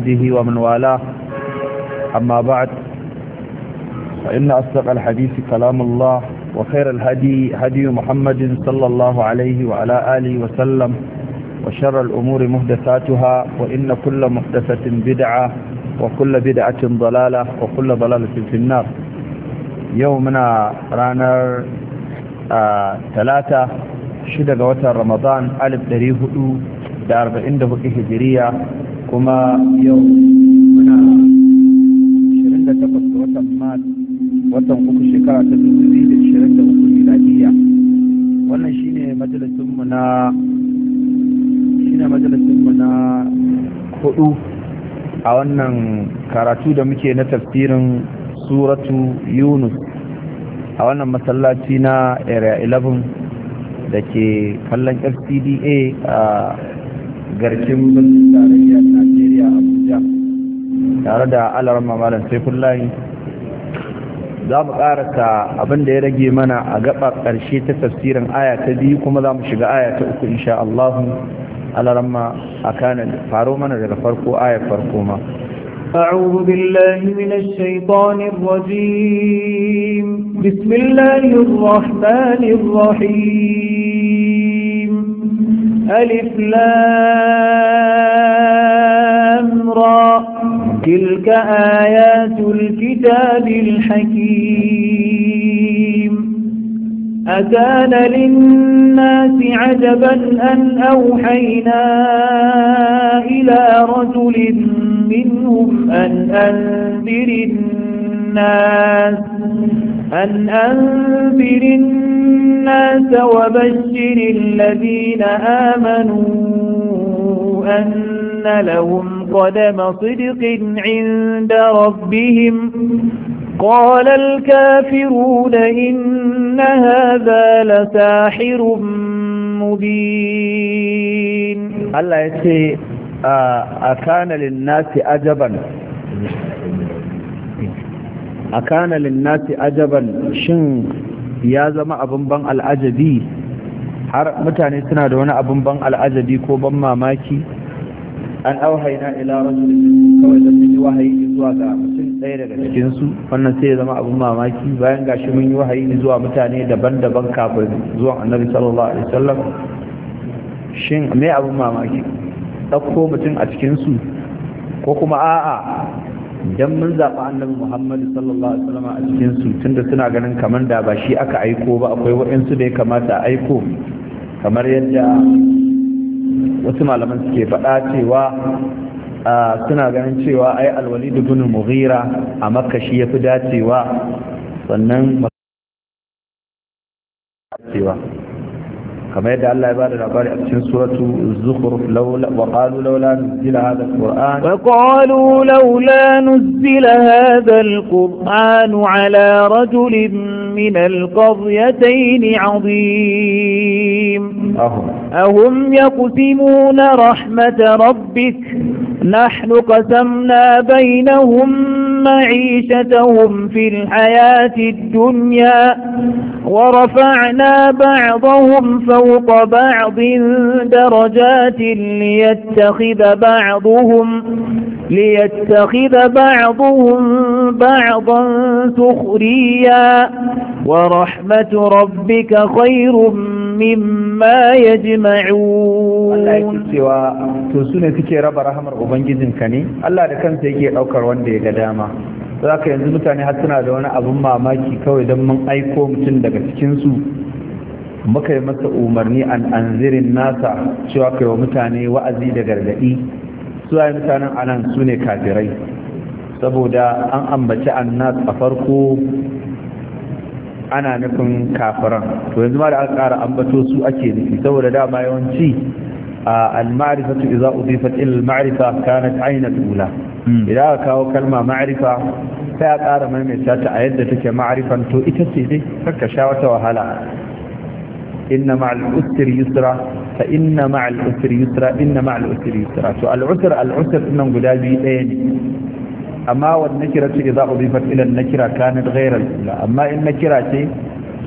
وصحبه ومن والاه أما بعد فإن أصدق الحديث كلام الله وخير الهدي هدي محمد صلى الله عليه وعلى آله وسلم وشر الأمور مهدثاتها وإن كل مهدثة بدعة وكل بدعة ضلالة وكل ضلالة في النار يومنا رانر آه ثلاثة شدق وتر رمضان ألف دريه da 44 hijiriya kuma yau muna 28 da watan mat watan uku shekara ta 2023 miladiya wannan shine majalisunmu na shine majalisunmu na hudu a wannan karatu da muke na tafsirin suratu yunus a wannan masallaci na area 11 da ke kallon fcda a garkin bin tarayya tare da alarar mamalin saifin layi za mu karata abinda ya rage mana a gaba ƙarshe ta tafsirin aya ta biyu kuma za mu shiga aya ta uku insha Allahu alarar ma a kanin faro mana daga farko aya farko ma أعوذ بالله من الشيطان الرجيم بسم الله الرحمن الرحيم ألف لام تلك آيات الكتاب الحكيم أكان للناس عجبا أن أوحينا إلى رجل منهم أن أنذر الناس أن أنذر الناس وبشر الذين آمنوا أن لهم مقدم صدق عند ربهم قال الكافرون إن هذا لساحر مبين الله يتي أكان للناس أجبا أكان للناس أجبا شن ya zama abin ban al'ajabi har mutane suna da wani abin ban al'ajabi ko ban mamaki an auhaina ila rajulin minhum kawai da mun yi wahayi zuwa ga mutum ɗaya daga cikin su wannan sai ya zama abin mamaki bayan gashi mun yi wahayi zuwa mutane daban-daban kafin zuwa annabi sallallahu alaihi wasallam shin me abin mamaki ɗauko mutum a cikin su ko kuma a'a dan mun zaɓi annabi muhammadu sallallahu alaihi wasallam a cikin su tunda suna ganin kamar da ba shi aka aiko ba akwai waɗansu da ya kamata a aiko kamar yadda wasu malaman suke faɗa cewa suna ganin cewa ai da ibn mughira a makashi shi yafi dacewa sannan dacewa كما يدعى الله يبارك العبارة أبشن سورة الزخرف لولا وقالوا لولا نزل هذا القرآن وقالوا لولا نزل هذا القرآن على رجل من القضيتين عظيم أهم, أهم يقسمون رحمة ربك نحن قسمنا بينهم معيشتهم في الحياة الدنيا ورفعنا بعضهم فوق فوق بعض درجات ليتخذ بعضهم ليتخذ بعضهم بعضا سخريا ورحمة ربك خير مما يجمعون الله يكتوى تسوني تكي رب رحمة أبنجزن كني الله لكم تيجي أوكر وندي قداما za ka yanzu mutane har suna da wani abin mamaki kawai don mun aiko mutum daga cikinsu muka yi masa umarni an anzirin nasa cewa kai wa mutane wa'azi da gargaɗi su yi mutanen anan su ne kafirai saboda an ambaci annas a farko ana nufin kafiran to yanzu ma da aka ƙara ambato su ake nufi saboda dama yawanci al-ma'rifatu idza udifat ila al-ma'rifa kanat aynat ula hmm. idan aka kawo kalma ma'rifa sai a ƙara maimaita ta a yadda take ma'rifan to ita ce dai karka sha wata wahala inna ma'al usri yusra fa inna ma'al yusra to al usr al guda biyu daya ne amma wa nakira ce idza udifat ila nakira kanat ghayra al ula amma in nakira ce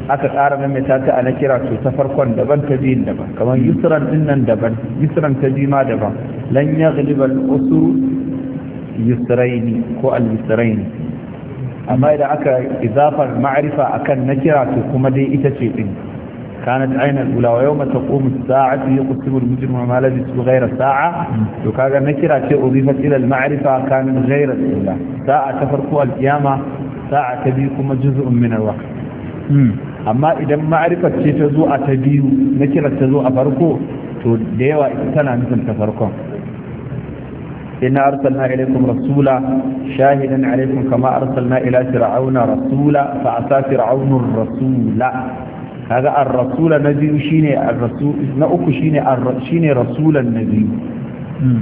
aka ƙara maimaita ta a nakira ta farkon daban ta biyun daban kamar yusran din nan daban yusran ta ma daban lan yaghliba al usru yusraini ko al yusraini amma idan aka izafar ma'arifa akan nakira to kuma dai ita ce din كانت عين الاولى ويوم تقوم الساعه يقسم المجرم ما لبس غير الساعه وكذا نكرة اضيفت الى المعرفه كان غير الاولى ساعه تفرق القيامه ساعه تبيكم جزء من الوقت amma idan ma'arifar ce ta zo a ta biyu na kirar ta zo a farko to da yawa tana nufin ta farkon inna arsalna ilaikum rasula shahidan alaikum kama arsalna ila fir'auna rasula fa asa fir'aunur rasula kaga ar-rasula na biyu shine ar-rasul na uku shine shine rasulan nabi hmm.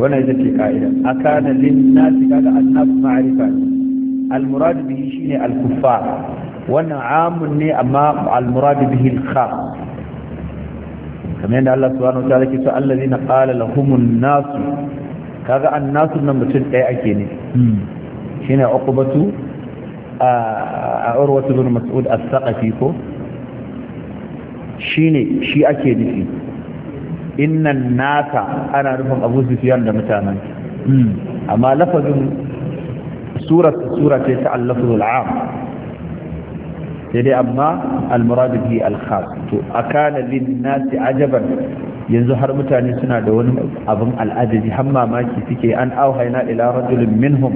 wannan ita ce ka'ida akana lin-nasi kaga annab nas ma'rifa al-murad bihi shine al-kuffar wannan amun ne amma al-murad bihi al-khas kamar yadda Allah subhanahu wa ta'ala ke so allazina qala lahumun nas kaga an-nas nan mutum ɗaya ake ne hmm. shine uqbatu a urwatu bin mas'ud as-saqafi ko shine shi ake nufi innan nasa ana nufin abu sufyan da mutanen amma lafazin surat sura ce ta al-lafzul am sai dai amma al-murad bihi al-khas to akana lin-nasi ajaban yanzu har mutane suna da wani abin al'adari, har mamaki suke an auhaina ila rajulin minhum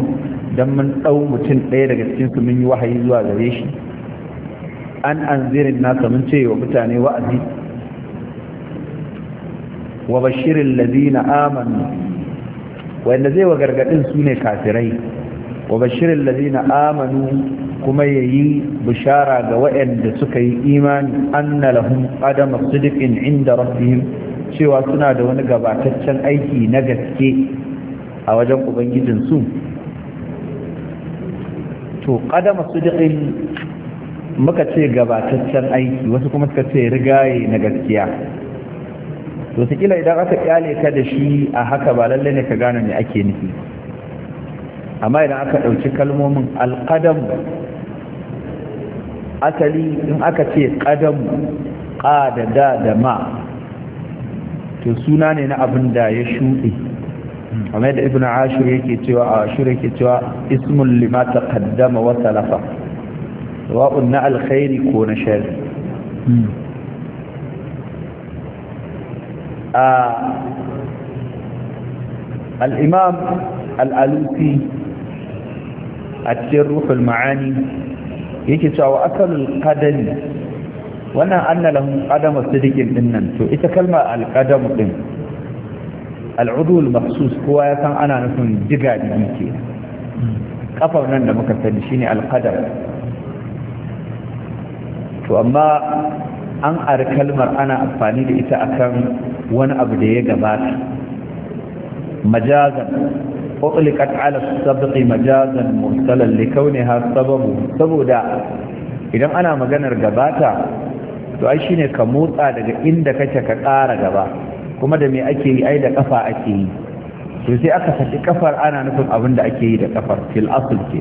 dan mun dau mutum ɗaya daga cikin su mun yi wahayi zuwa gare shi an anzirin nasa mun ce wa mutane wa'azi wa bashirin ladina amanu wanda zai wa gargadin su ne kafirai wa bashirin ladina amanu kuma ya yi bishara ga waɗanda suka yi imani anna lahum qadama sidiqin inda rabbihim cewa suna da wani gabataccen aiki na gaske a wajen ubangijin to qadama sidiqin muka ce gabataccen aiki wasu kuma suka ce rigaye na gaskiya to kila idan aka kyale ka da shi a haka ba lalle ne ka gane me ake nufi amma idan aka ɗauki kalmomin alƙadam asali in aka ce ƙadam ƙa da da da ma to suna ne na abin da ya shuɗe amma da ibn ashur yake cewa a ashur yake cewa ismun lima taqaddama wa salafa na alkhairi ko na sharri al-imam al-alusi a cikin ruhul ma'ani yake cewa akalul qadami wannan anna lahum qadama sidiqin dinnan to ita kalma al qadam din al'udul maksus kowa ya san ana nufin diga da ke kafar nan da muka sani shine alqadar to amma an ari kalmar ana amfani da ita akan wani abu da ya gabata majazan utliqat ala sabqi majazan muhtalan likauniha sababu saboda idan ana maganar gabata to ai shine ka motsa daga inda kake ka ƙara gaba kuma da me ake yi ai da kafa ake yi to sai aka saki ƙafar ana nufin abin da ake yi da kafar fil asl ke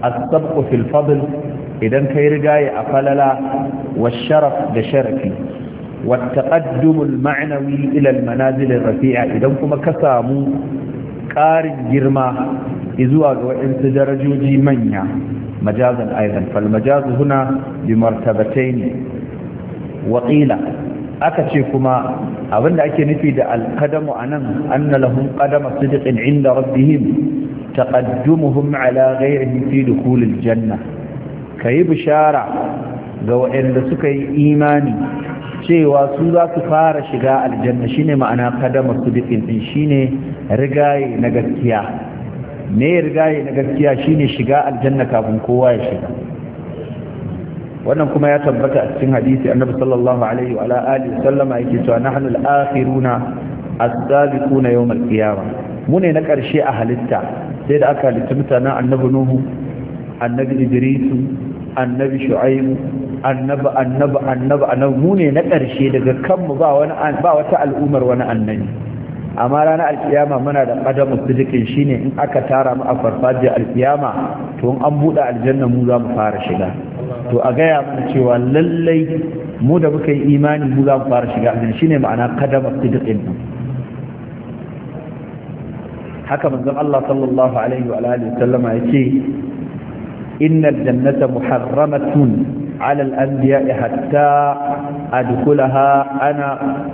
as-sabqu fil fadl idan kai rigaye a falala wa sharaf da sharafi والتقدم المعنوي إلى المنازل الرفيعة إذا كما كسامو قارن جرما إذوا وإنس درجوجي منيا مجازا أيضا فالمجاز هنا بمرتبتين وقيل أكتشفما أولا أكي نفيد القدم أنم أن لهم قدم صدق عند ربهم تقدمهم على غيرهم في دخول الجنة كيب شارع ga waɗanda suka yi imani cewa su za su fara shiga aljanna shine ma'ana kadama su bikin din shine rigaye na gaskiya ne rigaye na gaskiya shine shiga aljanna kafin kowa ya shiga wannan kuma ya tabbata a cikin hadisi annabi sallallahu alaihi wa alihi sallama yake cewa nahnu al-akhiruna as-sabiquna yawm al-qiyamah mu ne na karshe a halitta sai da aka halitta mutanen annabi nuhu annabi idrisu annabi shu'aibu annabi annabi annabi annabi mu ne na ƙarshe daga kanmu ba wani ba wata al'umar wani annabi amma ranar alkiyama muna da ƙadamu sidikin shine in aka tara mu a farfajiyar alkiyama to in an buɗe aljanna mu za mu fara shiga to a gaya mana cewa lallai mu da muka yi imani mu za mu fara shiga aljanna shine ma'ana ƙadamu sidikin haka manzon Allah sallallahu alaihi wa alihi sallama yace innal jannata muharramatun على الأنبياء حتى wa أنا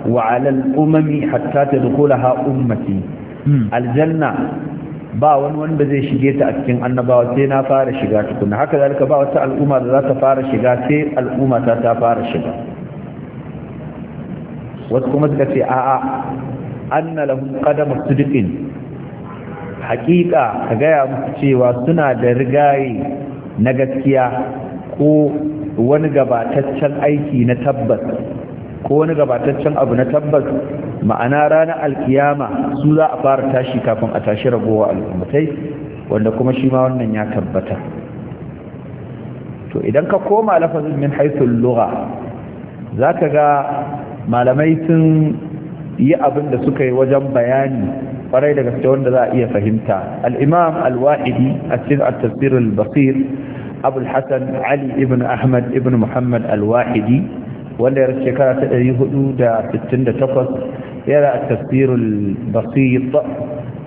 وعلى الأمم حتى تدخلها أمتي الجنة ba wani wanda zai shige ta a cikin annabawa sai na fara shiga tukuna haka zalika ba wata al'umma da za ta fara shiga sai al'umma ta ta fara shiga wasu kuma suka ce a'a anna lahum qadama sidqin haqiqa ka gaya musu cewa suna da rigaye na gaskiya ko wani gabataccen aiki na tabbas ko wani gabataccen abu na tabbas ma'ana ranar alkiyama su za a fara tashi kafin a tashi ragowa al'ummatai wanda kuma shi ma wannan ya tabbata to idan ka koma lafazin min haithul lugha za ka ga malamai sun yi abin da suka yi wajen bayani kwarai da gaske wanda za a iya fahimta al'imam al-wa'idi a cikin at-tafsir basir Abulhassan hassan ali ibn ahmad ibn muhammad al-wahidi wanda ya shekara ta 468 yana a tafsirul basit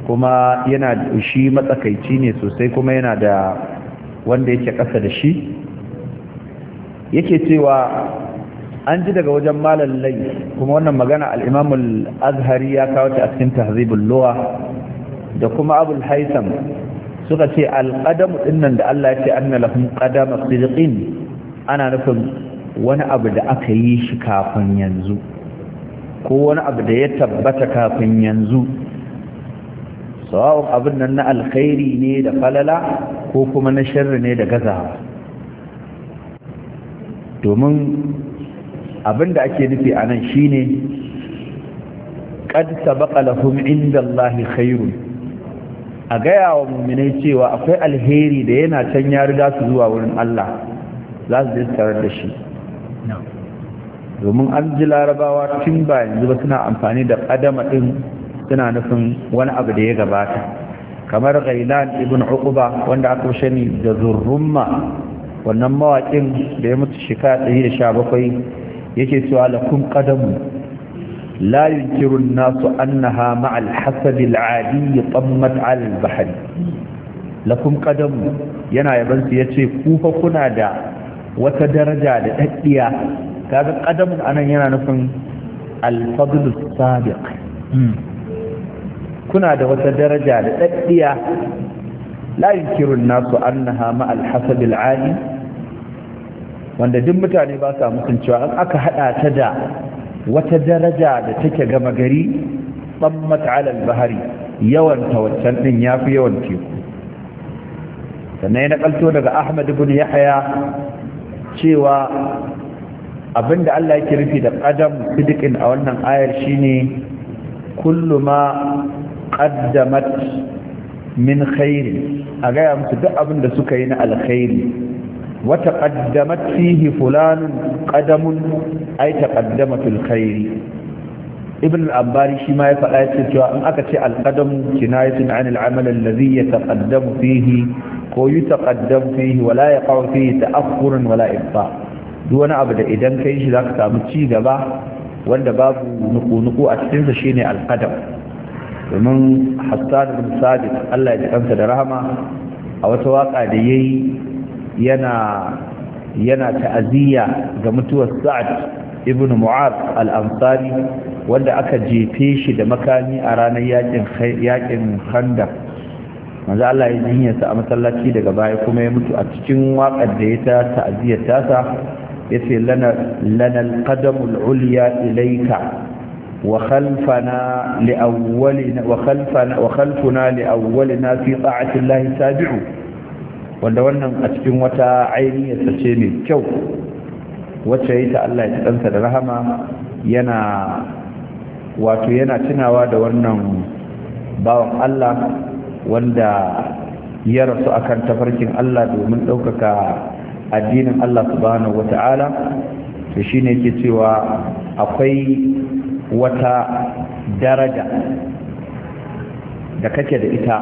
kuma yana shi matsakaici ne sosai kuma yana da wanda yake ƙasa da shi yake cewa an ji daga wajen malallai kuma wannan magana al'imamul azhari ya kawo ta a cikin tahzibul luwa da kuma abul suka ce alƙadamu ɗinnan da Allah ya ce anna lahum qadama sidiqin ana nufin wani abu da aka yi shi kafin yanzu ko wani abu da ya tabbata kafin yanzu sawa'un abin nan na alkhairi ne da falala ko kuma na shirri ne da gazawa domin abin da ake nufi a nan shine qad baƙa lahum inda Allah khairun a gaya wa muminai cewa akwai alheri da yana can ya riga su zuwa wurin Allah za su je tarar da shi domin an ji larabawa tun ba yanzu ba suna amfani da adama ɗin suna nufin wani abu da ya gabata kamar ghailan ibn uquba wanda aka shani da zurrumma wannan mawaƙin da ya mutu shekara 117 yake cewa lakum qadamu لا ينكر الناس أنها مع الحسب العادي طمت على البحر لكم قدم ينا يبنس يتشي كوفا كنا دا وتدرجة لتهدية هذا قدم أنا ينا نفن الفضل السابق كنا دا وتدرجة لتهدية لا ينكر الناس أنها مع الحسب العادي wanda duk mutane ba sa musun cewa in aka hada ta da wata daraja da take gama gari ɗan alal bahari yawan tawaccan din ya fi yawan teku sannan ya nakalto daga ahmad ibn yahya cewa abinda Allah yake rufi da ƙadam sidiqin a wannan ayar shine kullu ma qaddamat min khairi a gaya musu duk abinda suka yi na alkhairi وتقدمت فيه فلان قدم أي تقدمت الخير ابن الأنباري شما يفعل أن أكتع القدم كناية عن العمل الذي يتقدم فيه ويتقدم فيه ولا يقع فيه تأخر ولا إبطاء دون أبدا إذن كيش ذاك تامتشي غبا وان باب نقو نقو أتنسى شيني القدم ومن حسان بن صادق الله يجب أن تدرهما أو تواقع ليه yana ta'aziyya ga mutuwar sa'ad ibn mu'ad al-ansari wanda aka jefe shi da makami a ranar yakin handa maza Allah ya a masallaci daga baya kuma ya mutu a cikin waƙar da ya ta ta'aziyyar tasa yace lana lanar al-qadamul ulya ilayka وخلفنا لأولنا na وخلفنا لأولنا في طاعة wanda wannan a cikin wata ainihiyarsa ce mai kyau wacce ya ta Allah ya ci ɗansa da rahama yana wato yana tunawa da wannan bawan Allah wanda ya rasu akan tafarkin Allah domin ɗaukaka addinin Allah subhanahu wata'ala to shine yake cewa akwai wata daraja da kake da ita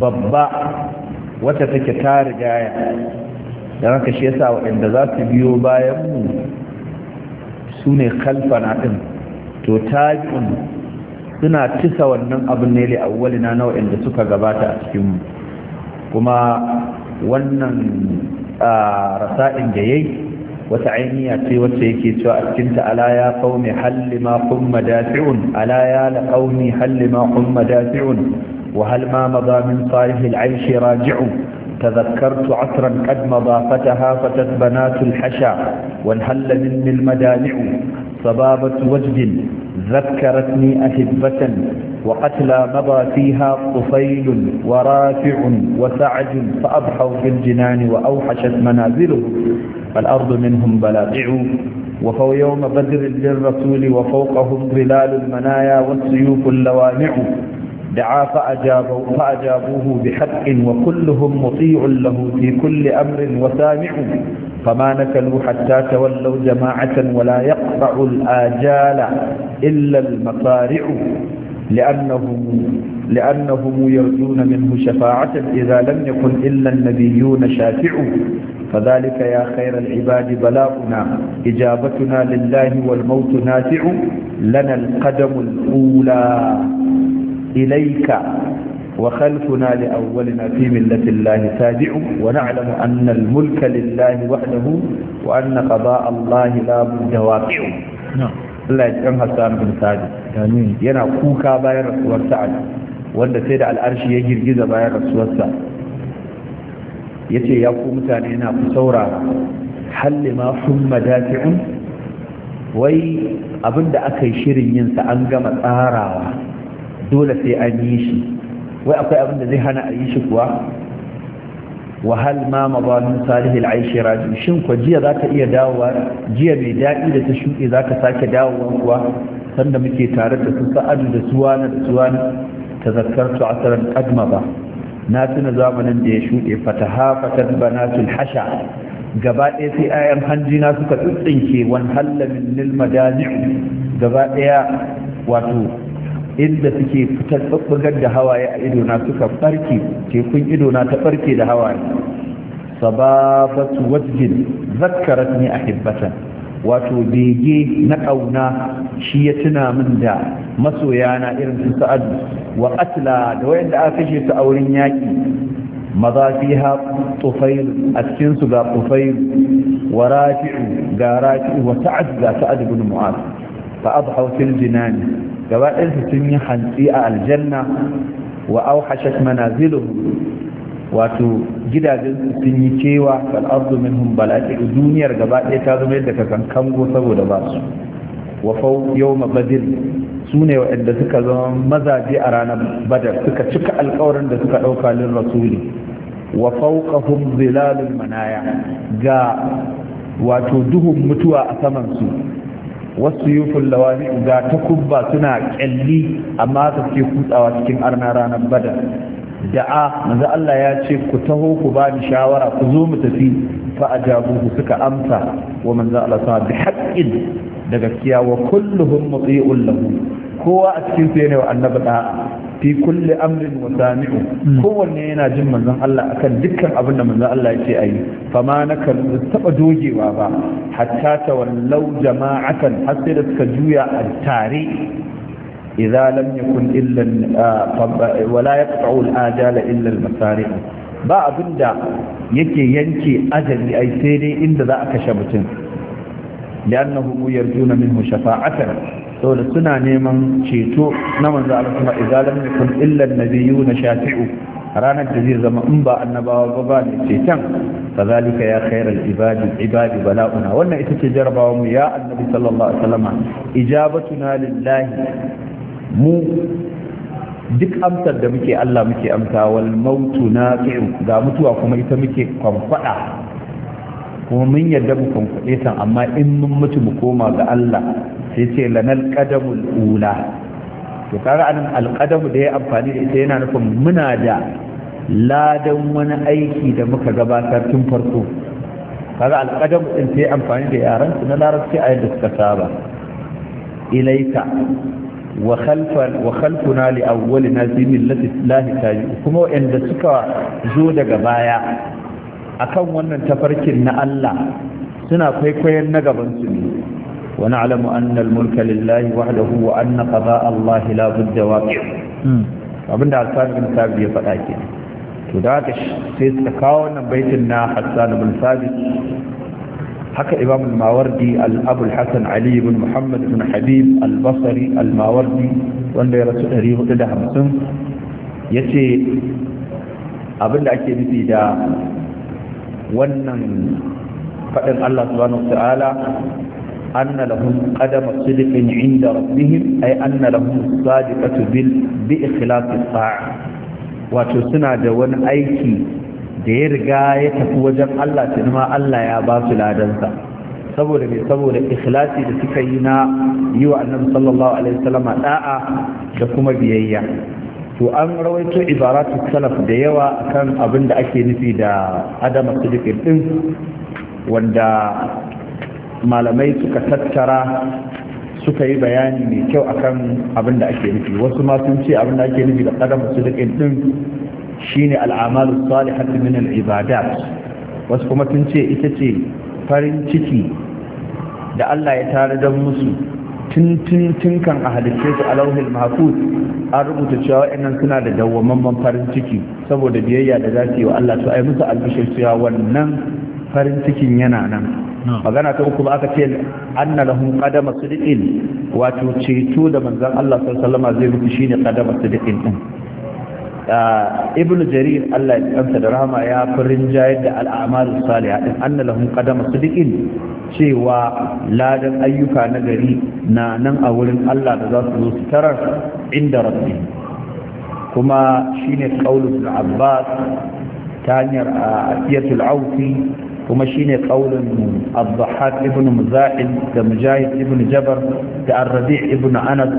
babba wata take ta rigaya da haka shi yasa waɗanda za su biyo bayan mu su ne kalfana ɗin to tabi'un suna tisa wannan abin ne a awwalina na waɗanda suka gabata a cikinmu kuma wannan rasa'in da yayi wata ainiya ce wacce yake cewa a cikin ala ya qaumi halli ma hum madafi'un ala ya la qaumi halli ma hum madafi'un وهل ما مضى من صالح العيش راجع تذكرت عطرا قد مضى فتها فتت بنات الحشا وانهل مني المدامع صبابة وجد ذكرتني أهبة وقتلى مضى فيها طفيل ورافع وسعد فأضحوا في الجنان وأوحشت منازلهم فالأرض منهم بلاقع وفو يوم بدر للرسول وفوقهم ظلال المنايا والسيوف اللوامع دعا فأجابوا فأجابوه بحق وكلهم مطيع له في كل أمر وسامع فما نكلوا حتى تولوا جماعة ولا يقطع الآجال إلا المصارع لأنهم, لأنهم يرجون منه شفاعة إذا لم يكن إلا النبيون شافع فذلك يا خير العباد بلاؤنا إجابتنا لله والموت نافع لنا القدم الأولى إليك وخلفنا لأولنا في ملة الله تابع ونعلم أن الملك لله وحده وأن قضاء الله لا بد واقع الله يجعل حسان بن سعد ينا كوكا باين رسول سعد وأن سيد على الأرش يجير جزا باين رسول سعد يتي يقوم متاني هنا بصورة هل ما ثم دافع وي أبن أكي شيرين ينسى أنقم أهاراوه dole sai an yi shi wai akwai abin da zai hana a yi shi kuwa wahal ma mabanin salihil aishi rajin shin kwa jiya za ka iya dawowa jiya mai daɗi da ta shuɗe za ka sake dawowa kuwa sanda muke tare da su sa'adu da suwana da suwana ta asarar kadma ba na tuna zamanin da ya shuɗe fataha fatar banatul hasha gaba ɗaya sai ayan hanjina suka tsintsinke wan min nil madani gaba ɗaya wato inda suke fitar da hawaye a idona suka farke tekun idona ta farke da hawaye sababatu wajjin ne a ahibbatan wato bege na ƙauna shi ya tuna min da masoyana irin su sa'adu wa atla da wayanda aka kashe su a wurin yaƙi maza fiha tufail a cikin su ga tufail wa rafi'u ga rafi'u wa ta'ad ga ta'ad ibn mu'az fa adhaw fil gaba ɗansu sun yi hantsi a aljanna wa auhashat Manazilu, wato gidajen sun yi cewa fal ardu minhum balati duniyar gaba ɗaya ta zama yadda ka kankango kango saboda ba su wa fau yawma badr su ne waɗanda suka zama mazaje a ranar badar suka cika alkawarin da suka ɗauka lin rasuli wa fawqahum zilalul manaya ga wato duhun mutuwa a saman su wasu yufin lawami ga takubba suna kyalli amma su ke kutsawa cikin arna ranar badar da'a manzo Allah ya ce ku taho ku ba ni shawara ku zo mu tafi fa ajabuhu suka amsa wa manzo Allah ta bi haqqin da gaskiya wa kulluhum muti'un lahu kowa a cikin su wa annabi da'a fi kulli amrin wa sami'u mm. kowanne yana jin manzon Allah akan dukkan abin da manzon Allah yake ayi fa ma naka taba dogewa ba hatta wallau jama'atan har sai da suka juya a tare idza lam yakun illa wala yaqta'u al illa al ba abinda yake yanke ajali ai sai dai inda za a kashe mutum لأنهم يرجون منه شفاعة saboda suna neman ceto na manzo Allah kuma izalam yakun illa annabiyyu na shafi'u ranar da zai zama in ba annabawa ba ba ne ceton kazalika ya khairal ibadi ibadi bala'una wannan ita ce jarabawa mu ya annabi sallallahu alaihi wasallam ijabatuna lillahi mu duk amsar da muke Allah muke amsa wal mautu nafi'u ga mutuwa kuma ita muke kwamfada kuma mun yarda mu kwamfade ta amma in mun mutu mu koma ga Allah sai ce lanar qadamul ula to kaga anan alqadamu da ya amfani da ita yana nufin muna da ladan wani aiki da muka gabatar tun farko kaga alqadam ta yi amfani da yaran su na larabci a yadda suka saba ilaika wa khalfuna li awwalina fi millati islahi kuma wanda suka zo daga baya akan wannan tafarkin na Allah suna kwaikwayon na gaban su ne ونعلم أن الملك لله وحده وأن قضاء الله لا بد واقعه abin da hassan bin sabit ya faɗa ke to da haka sai suka kawo wannan baitin na hassan bin sabit haka imam al-mawardi al-abu hasan ali ibn muhammad ibn habib al-basri al-mawardi wanda ya rasu 450 yace abin da ake nufi da wannan faɗin Allah subhanahu wa ta'ala أن لهم قدم صدق عند ربهم أي أن لهم الصادقة بإخلاص الطاعة وتسنى دون أيكي دير غاية تفوجب الله تنمى الله يا باس العدنسة saboda mai saboda ikhlasi da suka yi na yi wa annabi sallallahu alaihi wasallam da kuma biyayya to an rawaito ibaratu salaf da yawa akan abin da ake nufi da adama sidiqin din wanda malamai suka tattara suka yi bayani mai kyau akan abin da ake nufi wasu ma sun ce abin da ake nufi da kadama su da din shine al'amalu salihatu min al-ibadat wasu kuma sun ce ita ce farin ciki da Allah ya tare don musu tun kan a halitce su alauhil mahfuz an rubuta cewa wa'annan suna da dawwamamman farin ciki saboda biyayya da za su yi wa Allah to ai musu albishir cewa wannan farin cikin yana nan magana ta uku ba aka ce anna lahum qadama sidiqin wato ceto da manzon Allah sallallahu alaihi zai mutu shine qadama sidiqin din ah, ibnu jarir Allah ya kansa da rahama ya furin jayar da al'amal salihah din anna lahum qadama sidiqin cewa ladan ayyuka na gari na nan a wurin Allah da za su zo su tarar inda rabbi kuma shine qaulul abbas ta hanyar a ah, asiyatul auti kuma shine qaulun Abdullah ibn Muzahid da Mujahid ibn Jabar da Ar-Rabi' ibn Anas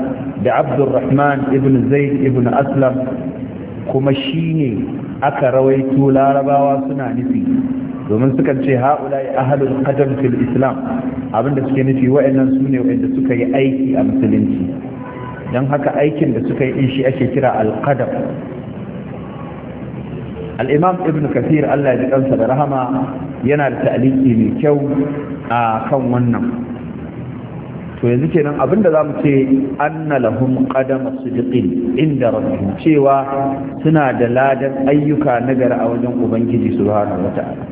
da Abdurrahman ibn Zaid ibn Aslam kuma shine aka rawaito larabawa suna nufi domin suka ce ha'ulai ahlul qadam fil islam abinda suke nufi wa'annan su ne wa'anda suka yi aiki a musulunci don haka aikin da suka yi in shi ake kira al-qadam al'imam ibn kafir allah ji kansa da rahama yana da ta'aliki mai kyau a kan wannan to yanzu kenan abinda za mu ce anna lahum qadama sidiqin inda rabbihim cewa suna da ladan ayyuka gari a wajen ubangiji subhanahu wata'ala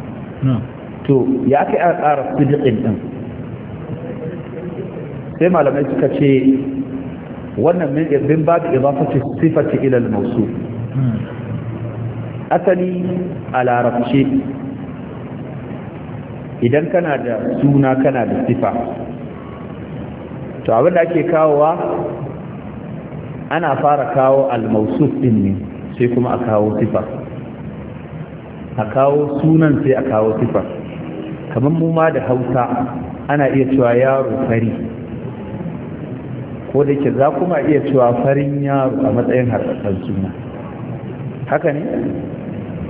to ya kai a tsara sidiqin din sai malamai suka ce wannan min babu idafati sifati ilal mausu hmm. asali a larabce idan kana da suna kana da sifa to abin da ake kawowa ana fara kawo almausuf din ne sai kuma a kawo sifa a kawo sunan sai a kawo sifa kamar mu ma da hausa ana iya cewa yaro fari ko da ke za kuma iya cewa farin yaro a matsayin harkar suna haka ne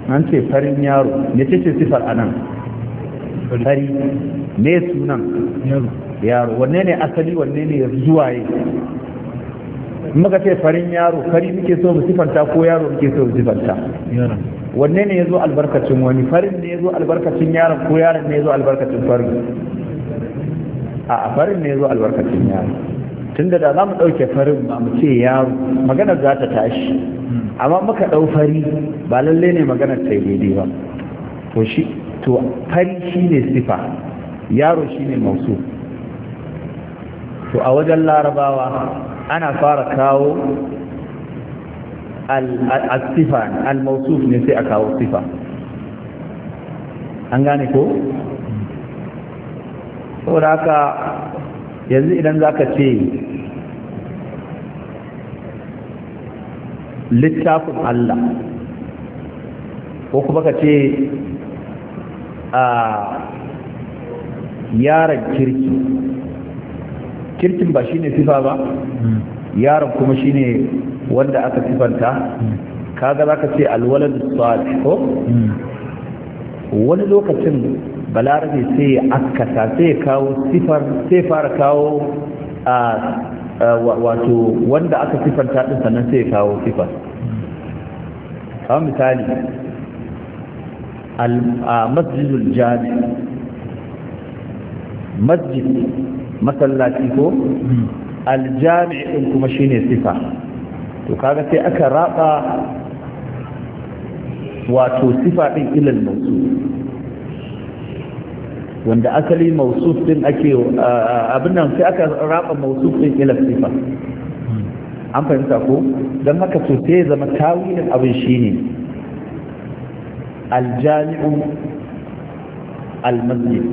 an ce farin yaro ne ce ce sifar a nan fari ne sunan yaro wanne ne asali wanne ne zuwaye maka ce farin yaro fari muke so mu sifanta ko yaro muke so mu sifanta wanne ne ya zo albarkacin wani farin ne ya zo albarkacin yaron ko yaron ne ya zo albarkacin farin a farin ne ya zo albarkacin yaro. tunda da za mu ɗauke farin ba mu ce yaro maganar za ta tashi amma muka ɗau fari ba lalle ne maganar ta daidai ba to shi to fari shi ne sifa yaro shi ne mausu to a wajen larabawa ana fara kawo al-sifa al ne sai a kawo sifa an gane ko? saboda haka yanzu idan za ka ce littafin Allah ko kuma ka ce a yaran kirki kirkin ba shine fifa ba yaron kuma shine wanda aka sifanta kaga za ka ce alwalar ko hmm. wani lokacin balarabe sai ya akasa sai ya kawo sifar sai fara kawo wato wanda aka sifanta din sannan sai ya kawo sifar kawai misali a masjidul jami masjid masallaci ko aljami din kuma shine sifa to kaga sai aka raba wato sifa din ilal mausu wanda asali mausuf din ake abin nan sai aka raba mausuf din ila sifa an fahimta ko don haka to sai zama tawilin abin shine aljami'u almasjid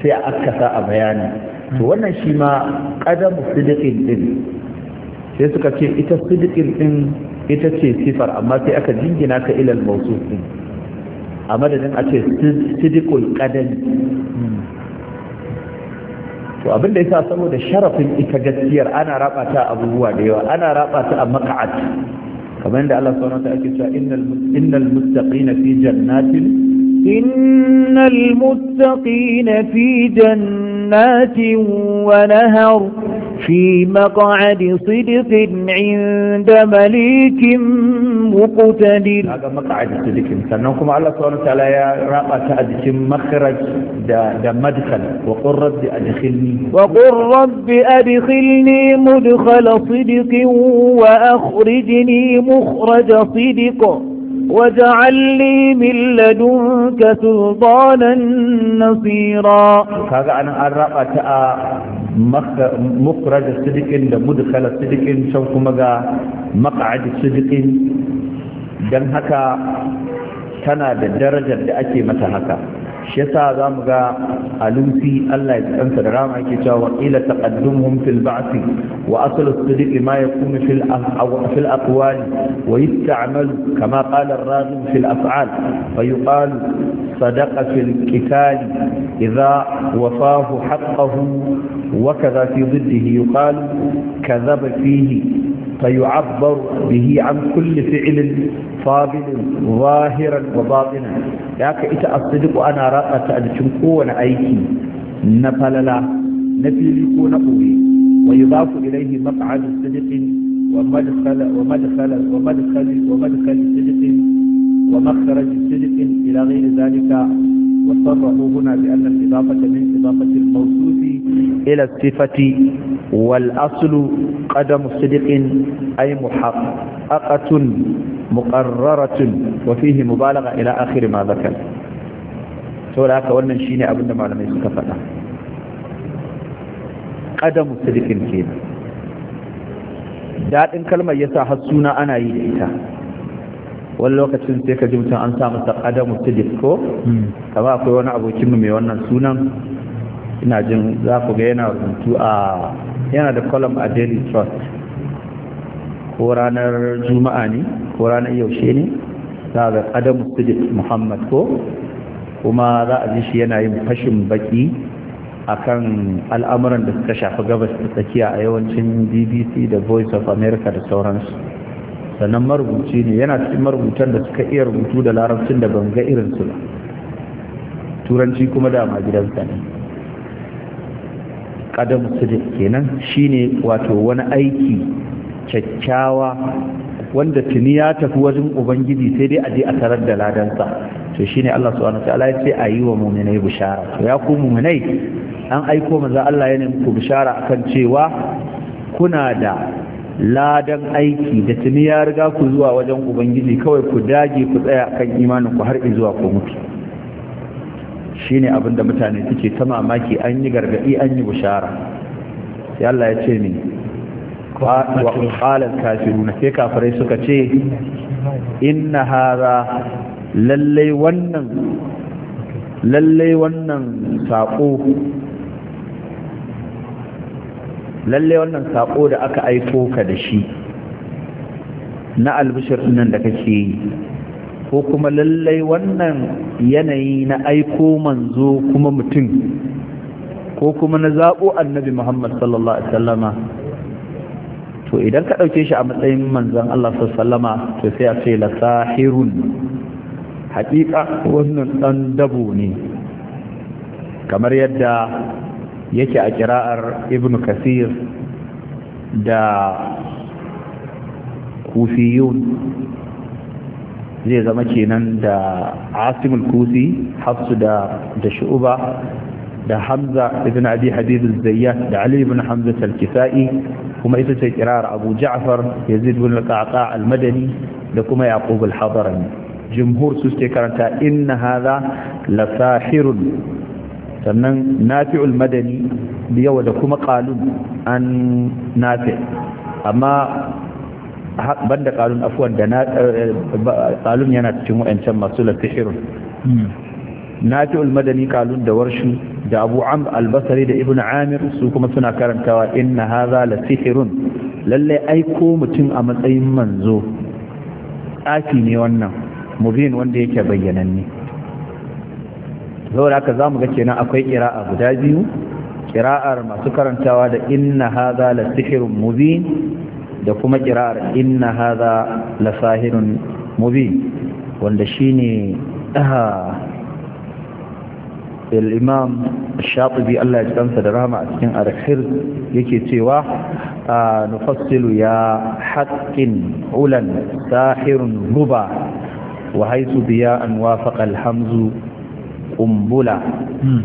sai aka sa a bayani to wannan shi ma qadamu sidiqin din sai suka ce ita sidiqin din ita ce sifar amma sai aka jingina ka ila mausuf din a madadin a ce sidikul kadari to abin da yasa saboda sharafin ita gaskiyar ana raba ta abubuwa da yawa ana raba ta a maq'ad kamar da Allah subhanahu wa ta'ala yake cewa innal innal muttaqina fi jannatin innal muttaqina fi jannatin wa nahar في مقعد صدق عند مليك مقتدر هذا مقعد صدق سنوكم على سبحانه وتعالى يا رابعة أدخل مخرج دا, دا مدخل وقل رب أدخلني وقل رب أدخلني مدخل صدق وأخرجني مخرج صدق واجعل لي من لدنك سلطانا نصيرا هذا أنا أرقى مخرج الصدق لمدخل الصدق شوف مقا مقعد الصدق دم هكا تنا بالدرجة لأتي متى هكا shesa za mu ga alusi Allah ya tsansa da rama yake cewa ila taqaddumhum fil ba'thi wa asl as-sidq ma yakunu fil fil aqwal wa yusta'mal kama qala ar-raghib fil af'al fa yuqal sadaqa fil qital idha wafahu haqqahu wa kadha fi diddihi yuqal kadhaba fihi فيعبر به عن كل فعل فاضل ظاهرا وباطنا لك إذا الصدق أنا رأت أن تنكون أيكي نفللا نفيل يكون قوي ويضاف إليه مقعد صدق ومدخل ومدخل ومدخل ومدخل صدق ومخرج صدق إلى غير ذلك وصرحوا هنا بأن الإضافة من إضافة الموصوف إلى الصفة والأصل قدم صدق أي محققة مقررة وفيه مبالغة إلى آخر ما ذكر سورة هكا ولن شيني أبن معلمي سكفنا قدم صدق كينا daɗin kalmar ya sa har suna ana yi da ita wani lokacin sai ka ji mutum an sa masa ƙadamu sidik akwai wani abokinmu mai wannan sunan ina jin za ku ga yana rubutu a yana da column a daily trust ko ranar juma'a ne ko ranar yaushe ne za ga adamu sidik muhammad ko kuma za a ji shi yana yin fashin baki akan al'amuran da suka shafi gabas da tsakiya a yawancin bbc da voice of america da sauransu sannan marubuci ne yana cikin marubutan da suka iya rubutu da larabcin da ban ga irinsu ba turanci kuma dama gidansa ne qadam sidiq kenan shine wato wani aiki kyakkyawa wanda tuni ya tafi wajen ubangiji sai dai a je a tarar da ladansa to shine Allah subhanahu wataala ya ce ayi wa mu'minai bishara to ya ku mu'minai an aiko manzo Allah ya nemi ku bishara akan cewa kuna da ladan aiki da tuni ya riga ku zuwa wajen ubangiji kawai ku dage ku tsaya kan imanin ku har zuwa ku mutu shine abin da mutane suke ta mamaki an yi gargadi an yi bushara ya Allah ya ce ne wa kafiru na sai kafirai suka ce inna hara lallai wannan lallai wannan saƙo, lallai wannan saƙo da aka aiko ka da shi na albishir nan da kake yi ko kuma lallai wannan yanayi na aiko manzo kuma mutum ko kuma na zaɓo annabi muhammad sallallahu alaihi wasallama to idan ka ɗauke shi a matsayin manzon allah sallama to sai a ce lasahirun haƙiƙa wannan ɗan dabo ne kamar yadda yake a kira'ar ibn kasir da kufiyun zai zama kenan da asimul kusi hafsu da da shu'uba da hamza ibn abi hadid zayyat da ali ibn hamza al-kisa'i kuma ita ce kirar abu ja'far yazid ibn al-qaqa al-madani da kuma yaqub al-hadarani jumhur su ce karanta inna hadha la sahirun sannan nafi'ul madani da yawa da kuma qalun an nafi amma banda qalun afwan da na eh, yana cikin wayancan masu latihirun hmm. nafi'ul madani qalun da warshu da abu am al da ibnu amir su kuma suna karantawa inna hadha lafihirun lalle aiko mutum a matsayin manzo tsafi ne wannan mubin wanda yake bayyananne saboda haka zamu ga kenan akwai qira'a guda biyu qira'ar masu karantawa da inna hadha lafihirun mubin da kuma kirar inna haza la sahirun mubi wanda shine ah, al-imam shatibi Allah ya ji kansa da rahama a cikin al-khir yake cewa ah, nufassilu ya haqqin ulan sahirun ruba wa haythu biya an wafaqa al-hamzu qumbula hmm.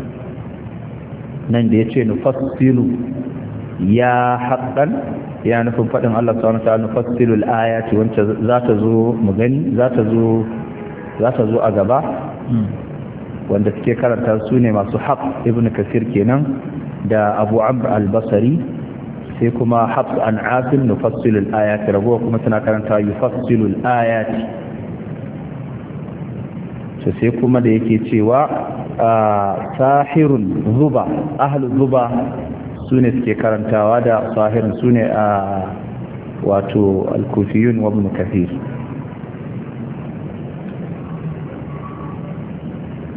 nan da yace nufassilu ya haƙƙan. ya nufin faɗin Allah subhanahu wa ta'ala ayati wanda za ta zo mu gani za ta zo za ta zo a gaba wanda suke karanta su ne masu haq ibn kasir kenan da abu amr al-basri sai kuma hafs an asim nufassilu ayati ragowa kuma tana karanta yufassilu ayati to sai kuma da yake cewa ah, sahirun zuba ahlu zuba su ne suke karantawa da sahirin su ne a wato alkufiyun wa ibn kathir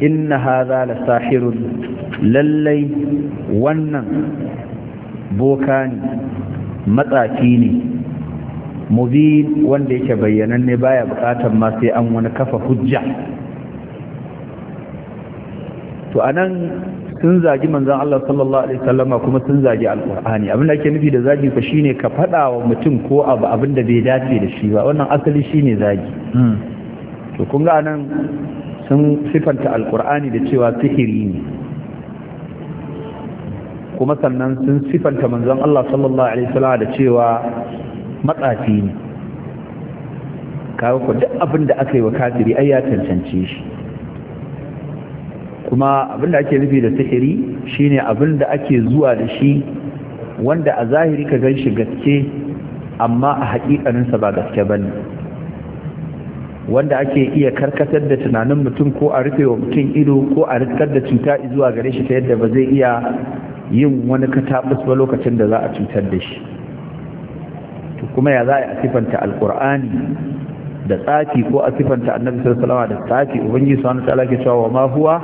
inna hadha la sahirun lallai wannan boka ne matsafi ne mubin wanda yake bayyananne baya bukatar ma sai an wani kafa hujja to anan sun zagi manzan Allah sallallahu alaihi wasallama kuma sun zagi alqur'ani abin da ake nufi da zagi fa shine ka faɗa wa mutum ko abu abin da bai dace da shi ba wannan asali shine zagi hmm. to kun ga nan sun sifanta alqur'ani da cewa sihiri ne kuma sannan sun sifanta manzan Allah sallallahu alaihi wasallama da cewa matsafi ne kawo ku duk abin da aka yi wa kafiri ai ya cancance shi kuma abinda ake nufi da sihiri shine abin da ake zuwa da shi wanda a zahiri ka gan shi gaske amma a hakikaninsa ba gaske ba ne wanda ake iya karkatar da tunanin mutum ko a rufe wa mutum ido ko a rikar da cuta zuwa gare shi ta yadda ba zai iya yin wani katabus ba lokacin da za a cutar da shi kuma ya za a sifanta alkur'ani da tsaki ko a sifanta annabi sallallahu alaihi wasallam da tsafi ubangiji subhanahu ta'ala ke cewa wa ma huwa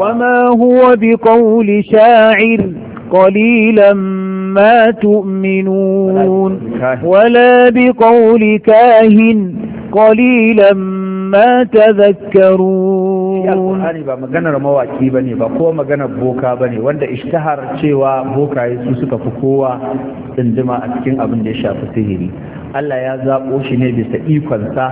wa ma huwa bi qawli sha'ir qalilan ما تؤمنون ولا بقول كاهن قليلا ما تذكرون shi ba maganar mawaki ba ne ba ko maganar boka ba ne wanda ishtahar cewa bokaye su suka fi kowa tsindima a cikin abin da ya shafi sihiri Allah ya zaɓo shi ne bisa ikonsa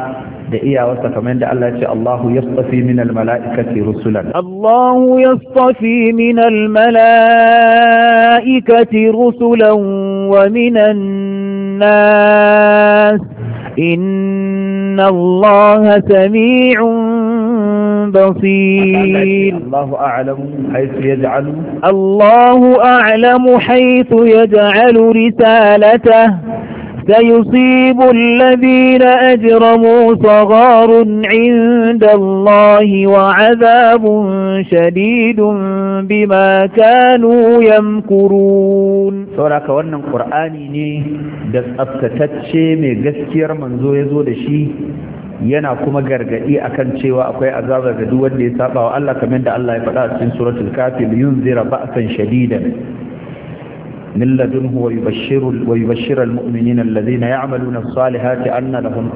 da iyawarsa kamar yadda Allah ya ce Allahu yastafi min almala'ikati rusulan Allahu yastafi min almala'ikati rusulan wa minan nas inna Allah sami'un بصير الله أعلم حيث يجعل الله أعلم حيث يجعل رسالته سيصيب الذين أجرموا صغار عند الله وعذاب شديد بما كانوا يمكرون سورة كوانا القرآن ني دس أبتتتش من قسير منزو يزول شي yana kuma gargadi akan cewa akwai azaba ga duk wanda ya saba wa Allah kamar da Allah ya faɗa a cikin suratul kafir yunzira ba'san shadidan من لدنه ويبشر ويبشر المؤمنين الذين يعملون الصالحات أن لهم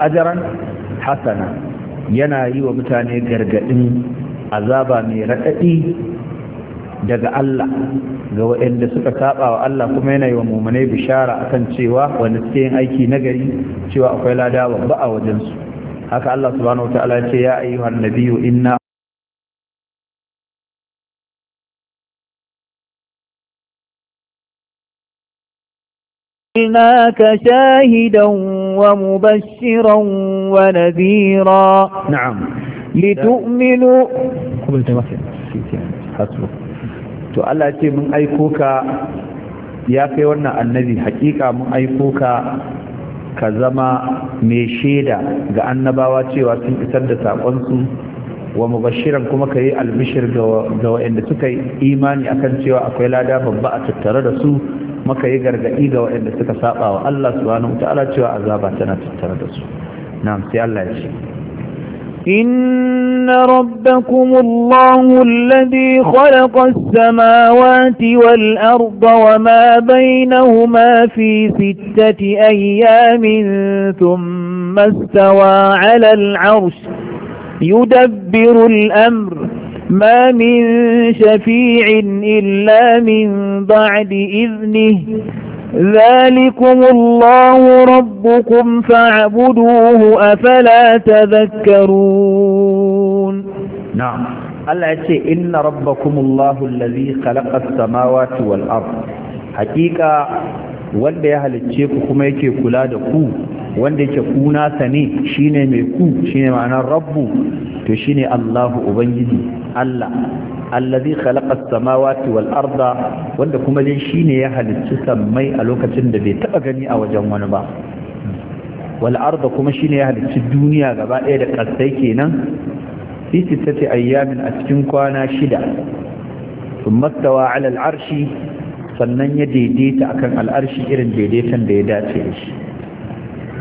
yana yi wa mutane gargadin azaba mai raɗaɗi daga Allah ga waɗanda suka saba wa Allah kuma yana yi wa mumunai bishara akan cewa wani suke yin aiki nagari cewa akwai lada babba a wajensu haka الله سبحانه وتعالى يا أيها النبي nabiyyu إناك شاهدا ومبشرا ونذيرا نعم لتؤمنوا قبل تبكر تؤلاء تي من أيكوكا يا فيونا النبي حقيقة من أيكوكا ka zama mai shaida ga annabawa cewa sun isar da saƙonsu wa mubashiran kuma ka yi albishir ga waɗanda suka yi imani akan cewa akwai lada babba a tattare da su maka yi gargaɗi ga waɗanda suka saɓa wa Allah subhanahu wa ta'ala cewa azaba tana tattare da su na sai Allah ya إن ربكم الله الذي خلق السماوات والأرض وما بينهما في ستة أيام ثم استوى على العرش يدبر الأمر ما من شفيع إلا من بعد إذنه ذلكم الله ربكم فاعبدوه أفلا تذكرون نعم الله يتشي إن ربكم الله الذي خلق السماوات والأرض حقيقة wanda ya halicce ku kuma yake kula da ku wanda yake kuna nasa ne shine mai ku shine ma'anar rabbu to shine Allahu ubangiji Allah allazi khalaqa samawati wal arda wanda kuma dai shine ya halicci sammai a lokacin da bai taba gani a wajen wani ba wal arda kuma shine ya halicci duniya gaba ɗaya da ƙasai kenan fi sittati ayyamin a cikin kwana shida thumma stawa ala al arshi sannan ya daidaita akan al arshi irin daidaitan da ya dace da shi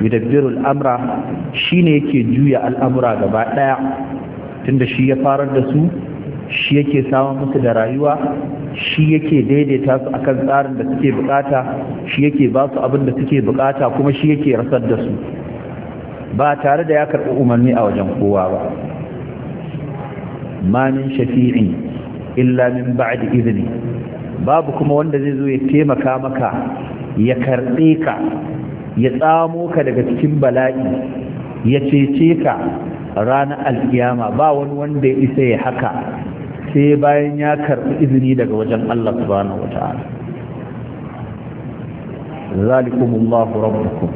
yudabbiru al amra shine yake juya al amra gaba ɗaya tunda shi ya farar da su shi yake samun musu da rayuwa shi yake daidaita su akan tsarin da suke bukata shi yake ba su abin da suke bukata kuma shi yake rasar da su ba tare da ya karɓi umarni a wajen kowa ba manin shafi'in, shafi'i illa min ba'di izini babu kuma wanda zai zo ya taimaka maka ya karɓe ka ya tsamo ka daga cikin bala'i ya cece ka ranar alkiyama ba wani wanda ya isa ya haka sai bayan ya karɓi izini daga wajen Allah subhanahu wa ta'ala zalikumullahu rabbukum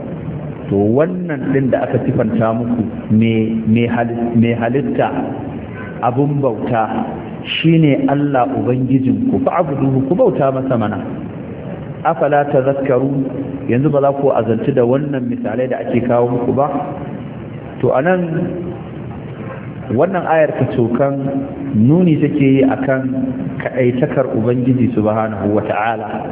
to wannan din da aka sifanta muku mai halitta abun bauta shine Allah ubangijinku fa abuduhu ku bauta masa mana afala tazakkaru yanzu ba za ku azanci da wannan misalai da ake kawo muku ba to anan wannan ayar ta cokan nuni take yi akan kaɗaitakar ubangiji subhanahu wa ta'ala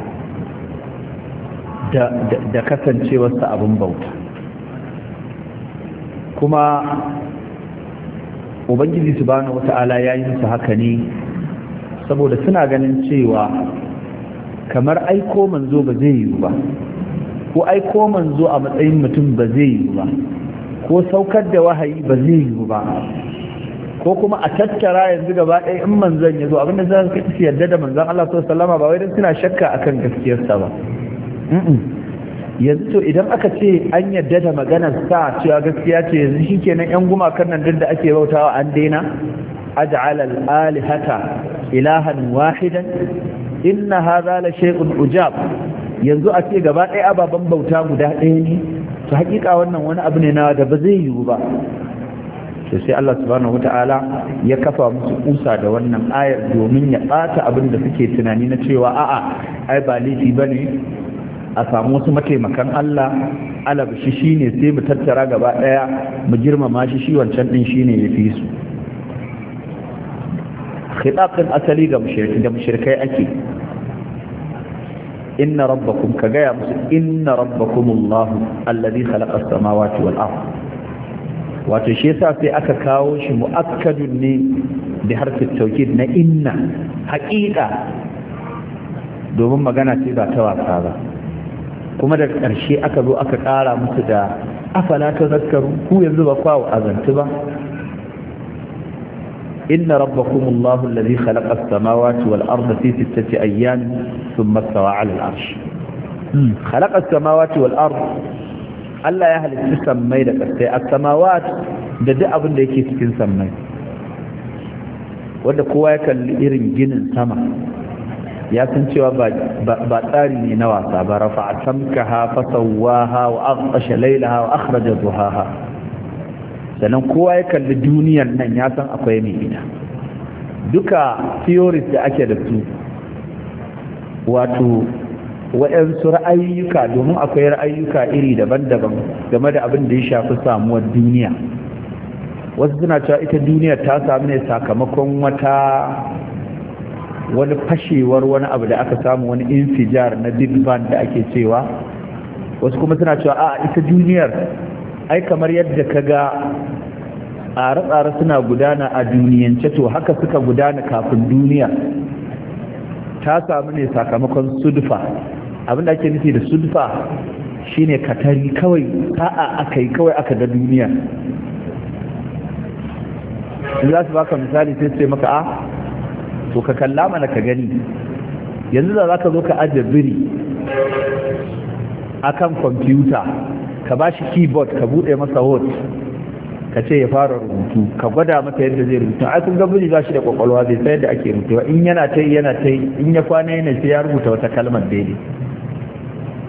da kasancewarsa abin bauta kuma ubangiji subhanahu wa ta'ala ya yi musu haka ne saboda suna ganin cewa kamar aiko manzo ba zai yi ba ko aiko manzo a matsayin mutum ba zai yi ba ko saukar da wahayi ba zai yiwu ba ko kuma a tattara yanzu gaba ɗaya in manzon ya zo abinda ka su yadda da manzon Allah sallallahu alaihi wasallam ba wai dan suna shakka akan gaskiyarsa ba yanzu to idan aka ce an yadda da maganar sa cewa gaskiya ce yanzu shikenan yan gumakan nan duk da ake bautawa an daina aj'al al-alihata ilahan wahidan inna hadha la shay'un ujab yanzu a ce gaba ɗaya ababen bauta guda ɗaya ne to hakika wannan wani abu ne na da ba zai yiwu ba Sai sai Allah subhanahu wata'ala ya kafa musu kusa da wannan ayar domin ya bata abin da suke tunani na cewa a'a ai ba laifi bane a samu wasu mataimakan Allah shi shine sai mu tattara gaba daya mu girmama shi shi wancan din shine yafi su khitaqin asali ga mushrikai da mushrikai ake inna rabbakum ka gaya musu inna rabbakum Allah alladhi khalaqa as-samawati wal ardh wato shi yasa sai aka kawo shi mu'akkadun ne da harfin taukid na inna haƙiƙa domin magana ce ba ta wasa ba kuma da ƙarshe aka zo aka ƙara musu da afala ta zakaru ku yanzu ba kwa azantu ba إن ربكم الله الذي خلق السماوات والأرض في ستة أيام ثم استوى على العرش خلق السماوات arda Allah ya halitta sammai da ƙasai a samawat da duk abin da yake cikin sammai wanda kowa ya kalli irin ginin sama ya san cewa ba tsari ne na wasa ba rafa a a fasawaha laila aqasha a wa akhraja duhaha sannan kowa ya kalli duniyar nan ya san akwai mai ita duka theories da ake da su wato waɗansu ra'ayyuka domin akwai ra'ayyuka iri daban-daban game da abin da ya shafi samuwar duniya wasu suna cewa ita duniya ta samu ne sakamakon wata wani fashewar wani abu da aka samu wani infijar na big bang da ake cewa wasu kuma suna cewa a ita duniyar ai kamar yadda ka ga tsare-tsare suna gudana a duniyance to haka suka gudana kafin duniya ta samu ne sakamakon sudufa abinda ake nufi da sulfa shine katari kawai Ka'a aka yi kawai aka da duniya in za su baka misali sai sai maka a ah, to ka kalla mana ka gani yanzu da za ka zo ka ajiye biri a kan kwamfuta ka ba shi keyboard ka buɗe masa hot ka ce ya fara rubutu ka gwada mata yadda zai rubutu a kun ga biri ba shi da kwakwalwa zai sayar yadda ake rubutu in yana ta yana ta in ya kwana yana sai ya rubuta wata kalmar daidai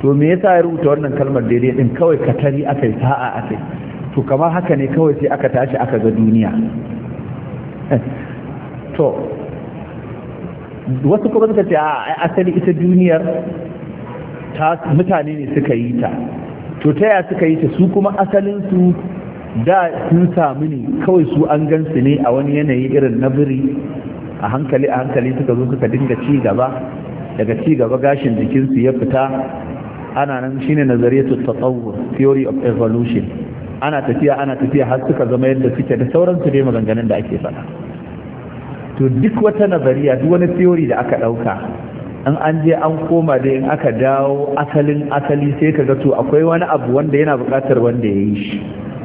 to me yasa ya rubuta wannan kalmar daidai din kawai katari yi sa'a yi to kamar haka ne kawai sai aka tashi aka ga duniya to wasu kuma suka ce a asali ita duniyar ta mutane ne suka yi ta to ta ya suka yi ta su kuma asalin su da sun samu ne kawai su an gan su ne a wani yanayi irin na biri a hankali a hankali suka zo suka dinga ci gaba daga ci gaba gashin jikinsu ya fita ana nan shine nazariyatu tatawur theory of evolution ana tafiya ana tafiya har suka zama yadda suke da sauran su dai maganganun da ake faɗa to duk wata nazariya duk wani theory da aka ɗauka in an je an koma da in aka dawo asalin asali sai ka ga to akwai wani abu wanda yana buƙatar wanda ya yi shi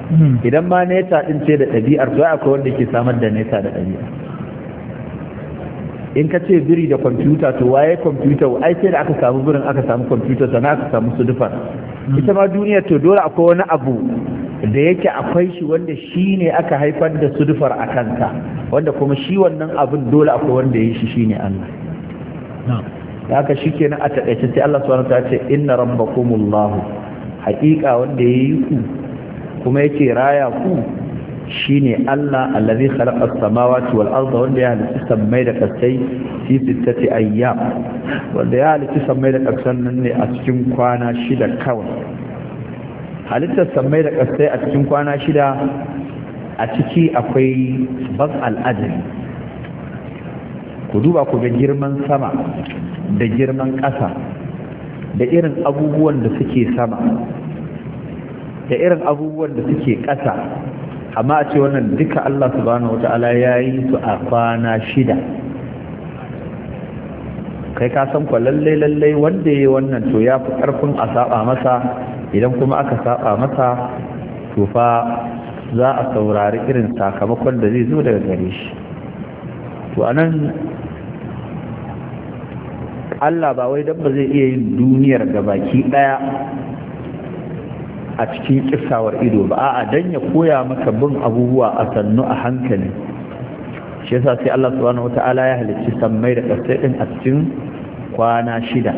hmm. idan ma neta ɗin ce da ɗabi'ar to akwai wanda ke samar da neta da ɗabi'a in ka ce biri da kwamfuta to waye kwamfuta ai sai da aka samu birin aka samu kwamfuta sana aka samu su dufa hmm. ita ma duniya to dole akwai wani abu da yake akwai shi wanda shi ne aka haifar da sudufar a kanta wanda kuma shi wannan abin dole akwai wanda ya shi shine Allah da aka shi kenan a taƙaice sai Allah subhanahu ta ce inna rabbakumullahu haƙiƙa wanda ya yi ku kuma yake raya ku Shi ne Allah allazi khalaqa as-samawati wal arda wanda ya halitta sammai da kasai fi sittati ayyam wanda ya halitta sammai da kasan nan ne a cikin kwana shida kawai halittar sammai da kasai a cikin kwana shida a ciki akwai ban al'adari ku duba ku ga girman sama da girman ƙasa da irin abubuwan da suke sama da irin abubuwan da suke ƙasa amma a ce wannan duka Allah subhanahu wata'ala ya yi su a kwana shida kai ka san kwa lallai lallai wanda ya wannan to ya fi ƙarfin a saba masa idan kuma aka saba masa to fa za a saurari irin sakamakon da zai zo daga gare shi to anan Allah ba wai dabba zai iya yin duniyar gabaki daya a cikin kisawar ido ba a dan ya koya maka bin abubuwa a sannu a hankali shi yasa sai Allah subhanahu wata'ala ya halicci sammai da kasai din a cikin kwana shida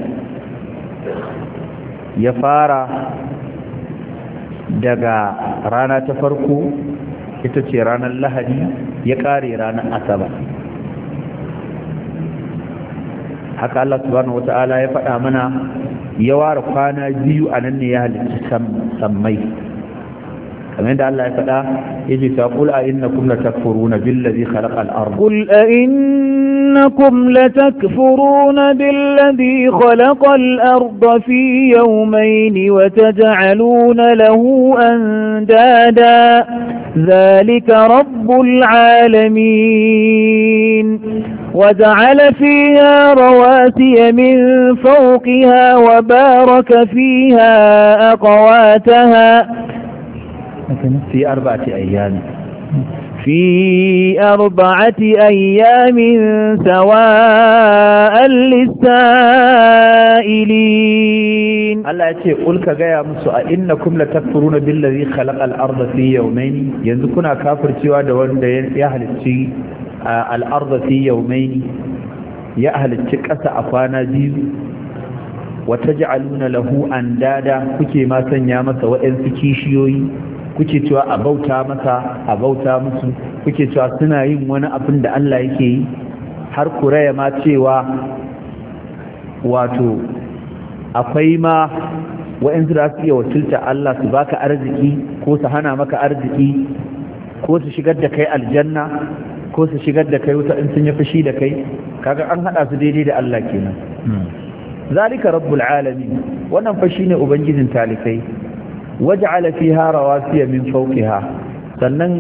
ya fara daga rana ta farko ita ce ranar lahadi ya ƙare ranar asabar haka Allah subhanahu wata'ala ya faɗa mana yawar kwana biyu a nan ne ya halitta sam sammai kamar yadda Allah ya faɗa yaji ce qul a innakum latakfuruna billazi khalaqa al-ard qul a innakum latakfuruna billazi khalaqa al-ard fi yawmayn wa taj'aluna lahu andada dhalika rabbul alamin وجعل فيها رواسي من فوقها وبارك فيها أقواتها في أربعة أيام في أربعة أيام سواء للسائلين الله يتي قل كغايا مسو إنكم لتكفرون بالذي خلق الأرض في يومين ينزكنا كافر سوى دوان يهل السي al'arda fi yawmaini ya halicci ƙasa a kwana biyu wa taj'aluna lahu andada kuke ma sanya masa waɗansu kishiyoyi kuke cewa a bauta masa a bauta musu kuke cewa suna yin wani abin da Allah yake yi har ku raya ma cewa wato akwai ma waɗansu da su iya wakilta Allah su baka arziki ko su hana maka arziki ko su shigar da kai aljanna ko su shigar da kai wuta in sun yi fushi da kai kaga an hada su daidai da Allah kenan zalika rabbul alamin wannan fa shine ubangijin talikai waj'ala fiha rawasiya min fawqiha sannan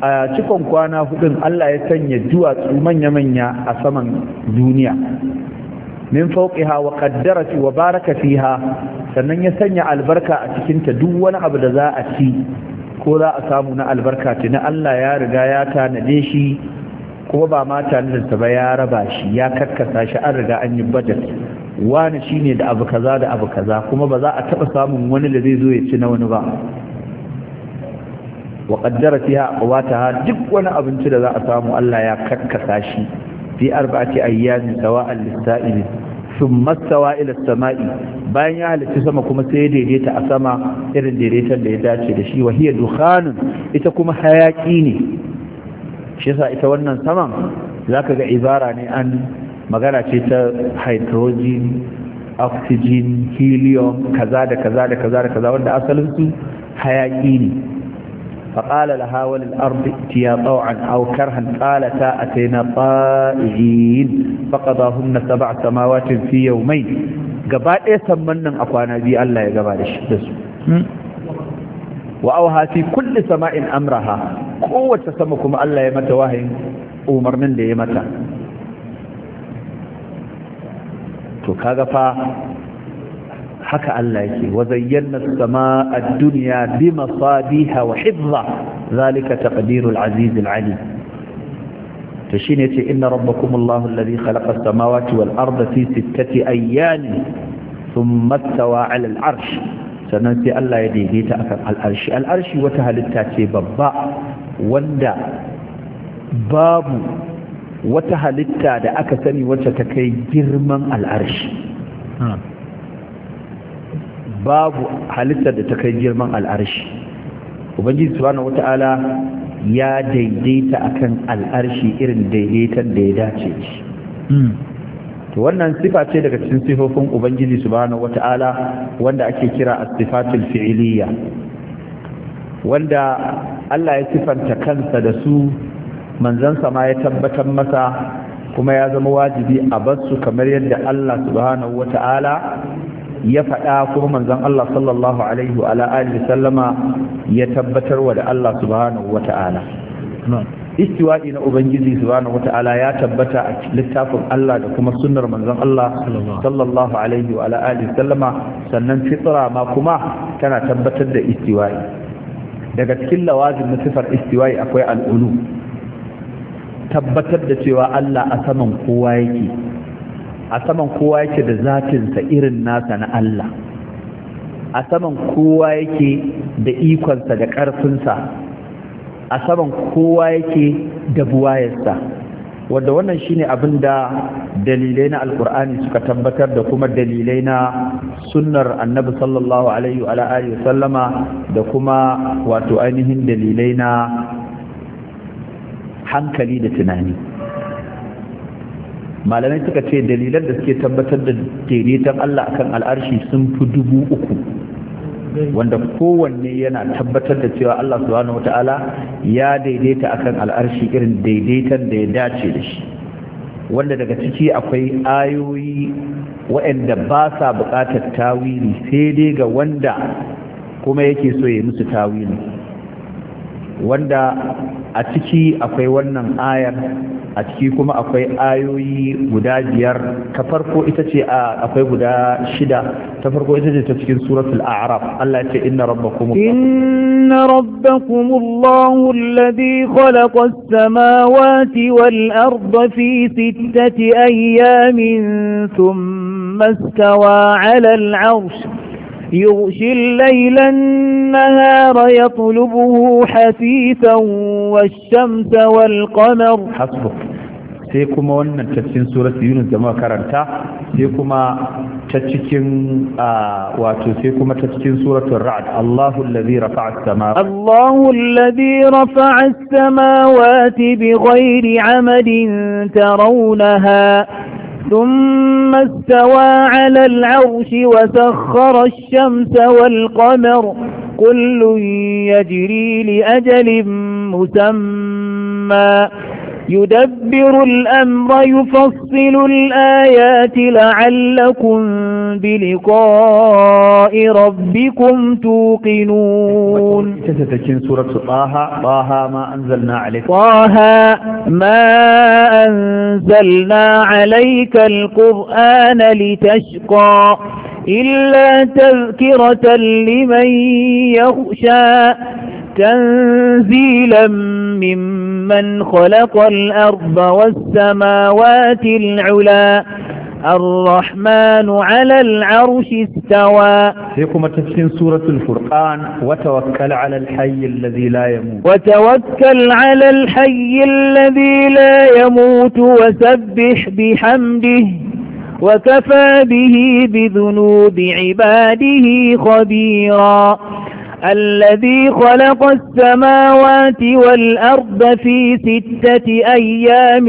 a cikon kwana hudun Allah ya sanya duwatsu manya-manya a saman duniya min fawqiha wa qaddarat wa baraka fiha sannan ya sanya albarka a cikin ta duk wani abu da za a ci ko za a samu na albarka na Allah ya riga ya tanade shi kuma ba ma tanadarsa ba ya raba shi ya karkasa shi an riga an yi budget wani shine da abu kaza da abu kaza kuma ba za a taɓa samun wani da zai zo ya ci na wani ba wa qaddara fiha ha, duk wani abinci da za a samu Allah ya karkasa shi fi arba'ati ayyamin sawa'an lis sun masawa ila sama'i bayan ya halicci sama kuma sai ya daidaita a sama irin daidaitar da ya dace da shi wa hiya dukhanun ita kuma hayaki ne shi yasa ita wannan saman zaka ga ibara ne an magana ce ta hydrogen oxygen helium kaza da kaza da kaza da kaza wanda asalin su hayaki ne فقال لها وللأرض اتيا طوعا أو كرها قالتا أتينا طائعين فقضاهن سبع سماوات في يومين قبال إيه سمنا أقوانا بي الله يقبالش بس وأوها في كل سماء أمرها قوة سمكم الله يمت واهن أمر من ليمتا to kaga fa haka Allah yake wa zayyana samaa ad-dunya bi masabiha wa hifdha zalika taqdirul aziz al-alim to shine yace inna rabbakum Allahu alladhi khalaqa as-samawati wal arda fi sittati ayyamin thumma istawa 'ala al-'arsh sannan sai Allah ya daidaita akan al-arshi al wata halitta ce babba wanda babu wata halitta da aka sani wacce ta kai girman al babu halittar da ta kai girman al'arshi ubangiji subhanahu wata'ala ya daidaita akan al'arshi irin daidaitar da ya dace shi hmm. to wannan sifa ce daga cikin sifofin ubangiji subhanahu wata'ala wanda ake kira as-sifatul fi'liyya wanda Allah ya sifanta kansa da su manzansa ma ya tabbatar masa kuma ya zama wajibi a basu kamar yadda Allah subhanahu wata'ala ya faɗa kuma manzon Allah sallallahu alaihi wa alihi sallama ya tabbatar wa da Allah subhanahu wata'ala istiwa'i na ubangiji subhanahu wata'ala ya tabbata a littafin Allah da kuma sunnar manzon Allah sallallahu alaihi wa alihi sallama sannan fitra ma kuma tana tabbatar da istiwa'i daga cikin lawazin na sifar istiwa'i akwai al'ulu tabbatar da cewa Allah a saman kowa yake a saman kowa yake da zatinsa irin nasa na Allah a saman kowa yake da ikonsa da ƙarfinsa a saman kowa yake da buwayarsa wanda wannan shine abin da dalilai na alkur'ani suka tabbatar da kuma dalilai na sunnar annabi sallallahu alaihi wa alihi sallama da kuma wato ainihin dalilai na hankali da tunani malamai suka ce dalilan da suke tabbatar da daidaiton Allah akan al'arshi sun fi dubu uku wanda kowanne yana tabbatar da cewa Allah subhanahu wata'ala ya daidaita akan al'arshi irin daidaitan da ya dace da shi wanda daga ciki akwai ayoyi waɗanda ba sa buƙatar tawili sai dai ga wanda kuma yake so ya musu tawili wanda a ciki akwai wannan ayar a ciki kuma akwai ayoyi guda biyar ta farko ita ce akwai guda shida ta farko ita ce ta cikin suratul a'raf Allah ya ce inna rabbakum inna rabbakum Allahu alladhi khalaqa as-samawati wal arda fi sittati ayamin thumma istawa 'ala al-'arsh يغشي الليل النهار يطلبه حثيثا والشمس والقمر حسبك sai kuma wannan caccin surat yunus da muka karanta sai kuma ta cikin wato sai kuma ta cikin suratul ra'd Allahu allazi rafa'a as-samaa Allahu allazi rafa'a as-samawati bighayri 'amadin tarawnaha ثم استوى على العرش وسخر الشمس والقمر كل يجري لأجل مسمى يدبر الأمر يفصل الآيات لعلكم بلقاء ربكم توقنون سورة طه طه ما أنزلنا عليك طه ما أنزلنا عليك القرآن لتشقى إلا تذكرة لمن يخشى تنزيلا ممن خلق الأرض والسماوات العلا الرحمن على العرش استوى فيكم تفسير سورة الفرقان وتوكل على الحي الذي لا يموت وتوكل على الحي الذي لا يموت وسبح بحمده وكفى به بذنوب عباده خبيرا الذي خلق السماوات والأرض في ستة أيام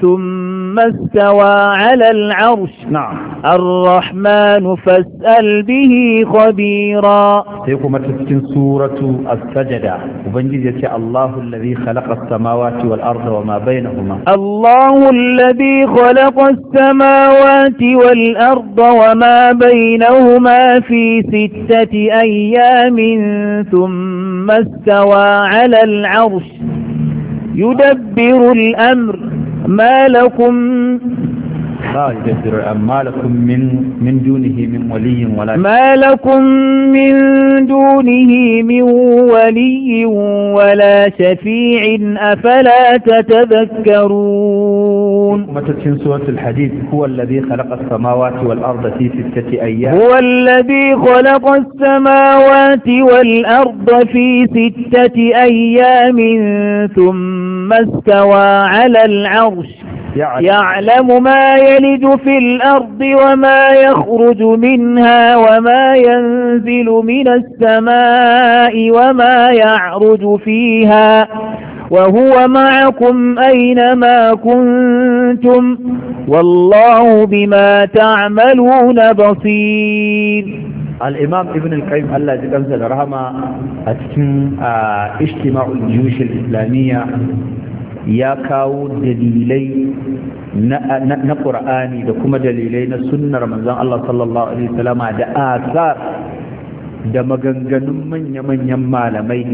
ثم استوى على العرش نعم الرحمن فاسأل به خبيرا سيقوم تسكن سورة السجدة وبنجد الله الذي خلق السماوات والأرض وما بينهما الله الذي خلق السماوات والأرض وما بينهما في ستة أيام ثم استوى على العرش يدبر الأمر ما لكم ما لكم من من دونه من ولي ولا ما لكم من دونه من ولي ولا شفيع أفلا تتذكرون متتشن سورة الحديث هو الذي خلق السماوات والأرض في ستة أيام هو الذي خلق السماوات والأرض في ستة أيام ثم استوى على العرش يعلم, يعلم ما يلد في الأرض وما يخرج منها وما ينزل من السماء وما يعرج فيها وهو معكم أينما كنتم والله بما تعملون بصير الإمام ابن القيم الله جدًا رحمه آه، اجتماع الجيوش الإسلامية ya kawo dalilai na ƙur'ani da kuma dalilai na sunnar manzan Allah sallallahu alaihi wasallama da asar da maganganun manya-manyan malamai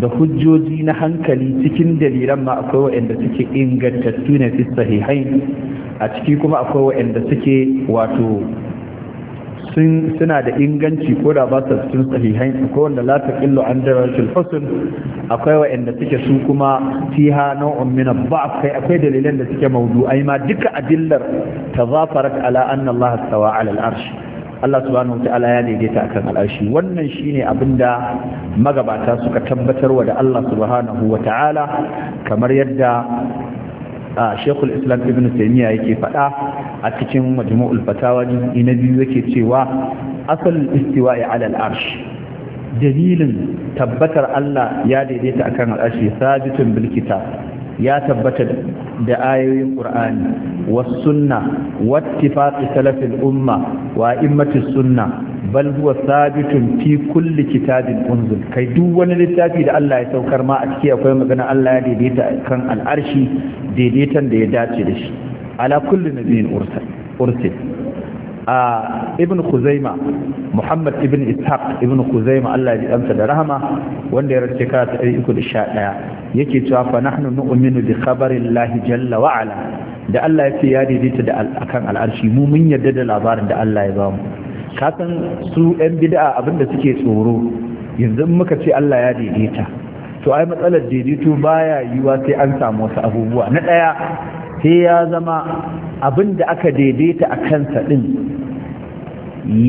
da hujjoji na hankali cikin dalilan ma akwai waɗanda suke ingantattu ne fi sahihai a ciki kuma akwai waɗanda suke wato sun suna da inganci ko da ba su cikin sahihai ko wanda la taqillu an rashin husn akwai wa'anda suke su kuma fiha nau'un min kai akwai dalilan da suke mawdu'ai ma duka adillar tazafarat ala anna Allah tawa 'ala al-arsh Allah subhanahu wata'ala ya daidaita akan al'arshi wannan shine abinda magabata suka tabbatarwa da Allah subhanahu wata'ala kamar yadda A shekul islam ibn taimiyya yake faɗa a cikin majmu'ul fatawa na biyu yake cewa asal istiwa'i ala al'arsh dalilin tabbatar Allah ya daidaita akan al'arshi sabitun bil kitab ya tabbatar da ayoyin qur'ani والسنة واتفاق سلف الأمة وأئمة السنة بل هو ثابت في كل كتاب أنزل كي دون للتابي دا الله يتوكر ما أتكي أقوى مغنى الله دي ديتا كان العرشي دي ديتا دي داتي لش على كل نبي أرسل أرسل آه ابن خزيمة محمد ابن إسحاق ابن خزيمة الله دي أمسى درهما وان دي رتكات أي إكل الشائع يكي توافى نحن نؤمن بخبر الله جل وعلا da Allah ya ce ya daidaita da akan al'arshi mu mun yarda da labarin da Allah ya ba mu ka san su yan bid'a abin da suke tsoro yanzu muka ce Allah ya daidaita to ai matsalar daidaito baya yiwa sai an samu wasu abubuwa na ɗaya sai ya zama abin da aka daidaita a kansa ɗin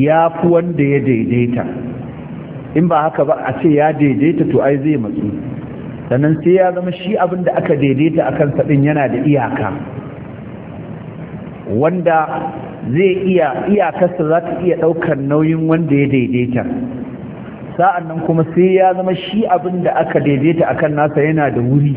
ya fi wanda ya daidaita in ba haka ba a ce ya daidaita to ai zai matsu sannan sai ya zama shi abin da aka daidaita a kansa ɗin yana da iyaka wanda zai iya iyakarsa za ta iya ɗaukar nauyin wanda ya daidaita sa'an nan kuma sai ya zama shi abin da aka daidaita akan nasa yana da wuri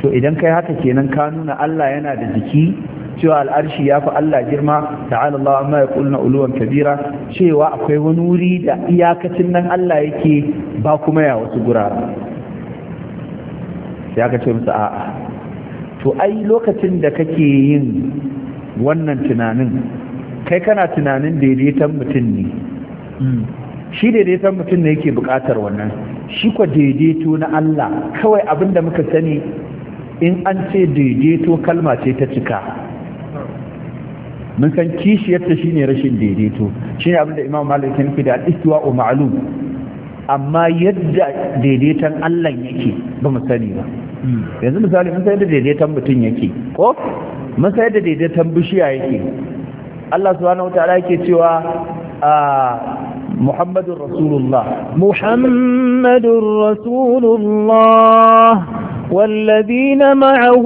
to idan kai haka kenan ka nuna Allah yana da jiki cewa al'arshi ya fi Allah girma ta'ala Allah amma ya ƙulna uluwan kabira cewa akwai wani wuri da iyakacin nan Allah yake ba kuma ya wasu gurara ya aka ce a'a to ai lokacin da kake yin wannan tunanin kai kana tunanin daidaiton mutum ne shi daidaiton mutum ne yake bukatar wannan shi kwa daidaito na Allah kawai abin da muka sani in an ce daidaito kalma ce ta cika mun san kishiyarta shine rashin daidaito Shi ne abin da imam malik ya nufi da istiwa istiwau ma'lum amma yadda daidaiton Allah yake ba mu sani ba Hmm. yanzu misali mun sayar da daidaiton mutum yake ko mun sayar da daidaiton bishiya yake Allah subhanahu wataala yake cewa a ah, Muhammadur Rasulullah Muhammadur Rasulullah والذين معه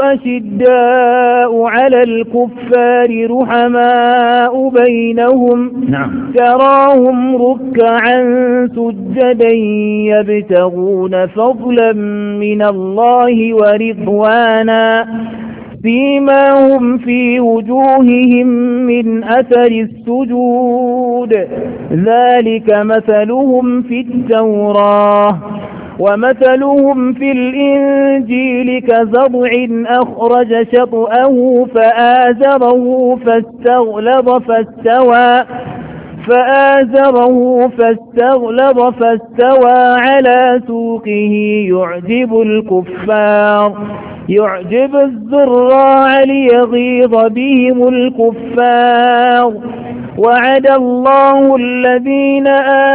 أشداء على الكفار رحماء بينهم نعم تراهم ركعا سجدا يبتغون فضلا من الله ورضوانا فيما هم في وجوههم من أثر السجود ذلك مثلهم في التوراة ومثلهم في الإنجيل كزرع أخرج شطأه فآزره فاستغلظ فاستوى فآزره فاستغلظ فاستوى على سوقه يعجب الكفار يعجب الزراع ليغيظ بهم الكفار وعد الله الذين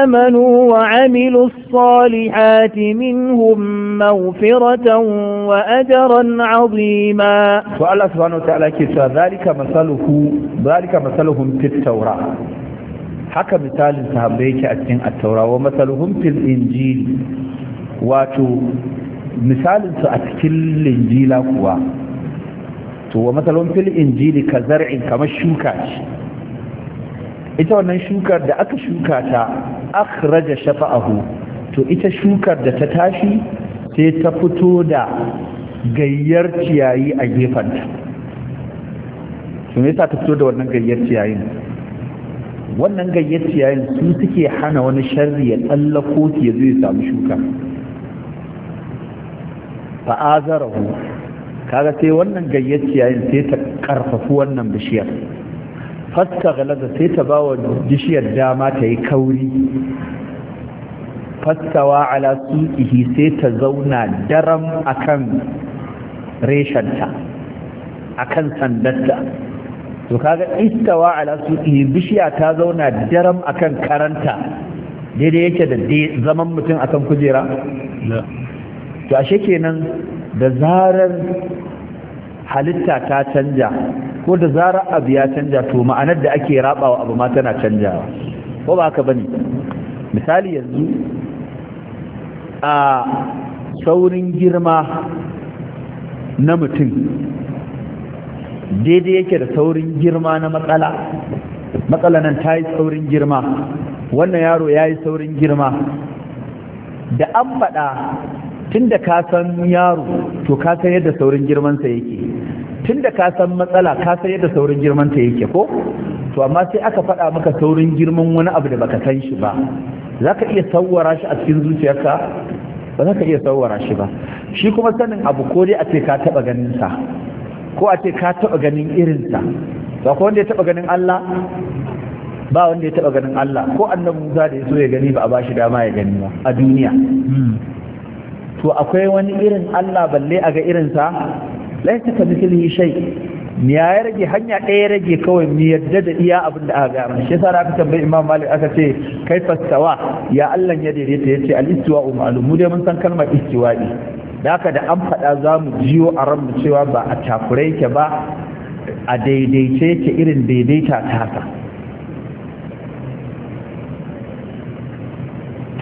آمنوا وعملوا الصالحات منهم مغفرة وأجرا عظيما فالله سبحانه وتعالى كيسا ذلك مثله ذلك مثلهم في التوراة حكى مثال sahabbai yake a cikin attaura wa masaluhum misalin su a cikin linjila kuwa to wa matsalon fil injili ka zar'in kamar shuka ce ita wannan shukar da aka shuka ta akhraja shafa'ahu to ita shukar da ta tashi sai ta fito da gayyar ciyayi a to su yasa ta fito da wannan gayyar ciyayin wannan gayyar ciyayin su suke hana wani sharri ya tsallako ya zo ya samu shuka fa'azarahu kaga sai wannan gayyaci yayin sai ta karfafi wannan bishiyar fasta galaza sai ta ba wa bishiyar dama ta yi kauri fastawa ala suƙihi sai ta zauna daram kan reshenta a kan sandarta to kaga istawa ala suƙihi bishiya ta zauna daram kan karanta daidai yake da zaman mutum a kan kujera to ashe kenan da zarar halitta ta canja ko da zarar abu ya canja to ma'anar da ake rabawa abu ma tana canjawa ko ba haka bane misali yanzu a saurin girma na mutum daidai yake da saurin girma na matsala matsala nan ta yi saurin girma wannan yaro ya yi saurin girma da an faɗa tunda ka san yaro to ka san yadda saurin girmansa yake tunda ka san matsala ka san yadda saurin girmanta yake ko to amma sai aka faɗa maka saurin girman wani abu da baka san shi ba za ka iya sawwara shi a cikin zuciyarka ba za ka iya sawwara shi ba shi kuma sanin abu ko dai a ce ka taɓa ganinsa ko a ce ka taɓa ganin irinsa ba ko wanda ya taɓa ganin Allah ba wanda ya taɓa ganin Allah ko annabi Musa da ya so ya gani ba a ba shi dama ya gani ba a duniya hmm. to akwai wani irin Allah balle a ga irinsa laisa ka mislihi shay ya rage hanya ɗaya rage kawai mu yadda da iya abin da aka gaya shi yasa aka tambayi Imam Malik aka ce kai fastawa ya Allah ya daidaita yace al-istiwa ma'lum mu dai mun san kalmar istiwa'i da haka da an faɗa za mu jiyo a ranmu cewa ba a takure yake ba a daidaice yake irin daidaita ta haka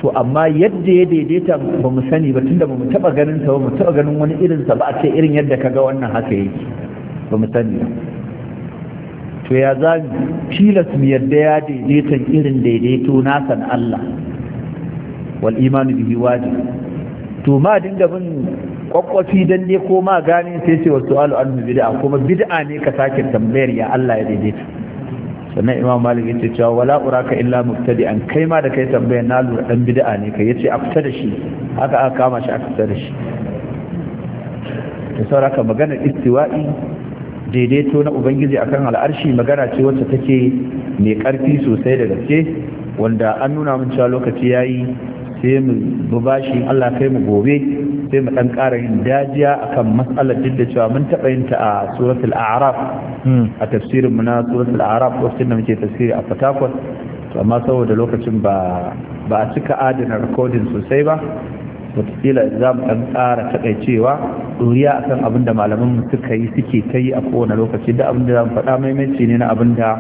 to amma yadda ya daidaita ba mu sani ba tunda ba mu taba ganin sa ba mu taba ganin wani irin sa ba a ce irin yadda ka ga wannan haka yake ba mu sani ba to ya za tilas mu yadda ya daidaita irin daidaito na san Allah wal imanu bihi wajib to ma dinga bin kwakwafi dan ne ko ma gane sai sai wasu alu annu bid'a kuma bid'a ne ka sake tambayar ya Allah ya daidaita sannan imam malik yace cewa wala uraka illa mubtadi'an kai ma da kai tambayar na lura dan bid'a ne kai yace a fita da shi haka aka kama shi a fita da shi to sauraka maganar istiwa'i daidaito na ubangiji akan al'arshi magana ce wacce take mai karfi sosai da gaske wanda an nuna mun cewa lokaci yayi sai mu bashi Allah kai mu gobe sai mu dan ƙara yin dajiya akan matsalar duk da cewa mun taɓa yin ta a suratul a'raf hmm. a tafsirin mu na suratul a'raf wacce da muke tafsiri a Fatakwal to amma saboda lokacin ba ba a cika adana recording sosai ba wataƙila za mu ɗan ƙara taƙaicewa a akan abin da malaman suka yi suke ta yi a kowane lokaci da abin da za mu faɗa maimaici ne na abin da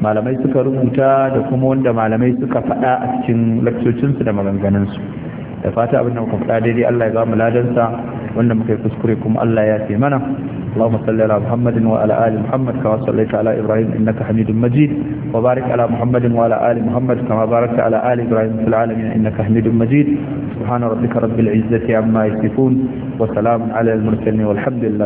malamai suka rubuta da kuma wanda malamai suka faɗa a cikin lakcocinsu da maganganunsu da fata abin da muka faɗa daidai Allah ya ba mu ladansa wanda muka yi kuskure kuma Allah ya fi mana اللهم صل على محمد وعلى ال محمد كما صليت على ابراهيم انك حميد مجيد وبارك على محمد وعلى ال محمد كما باركت على ال ابراهيم في العالمين انك حميد مجيد سبحان ربك رب العزه عما يصفون وسلام على المرسلين والحمد لله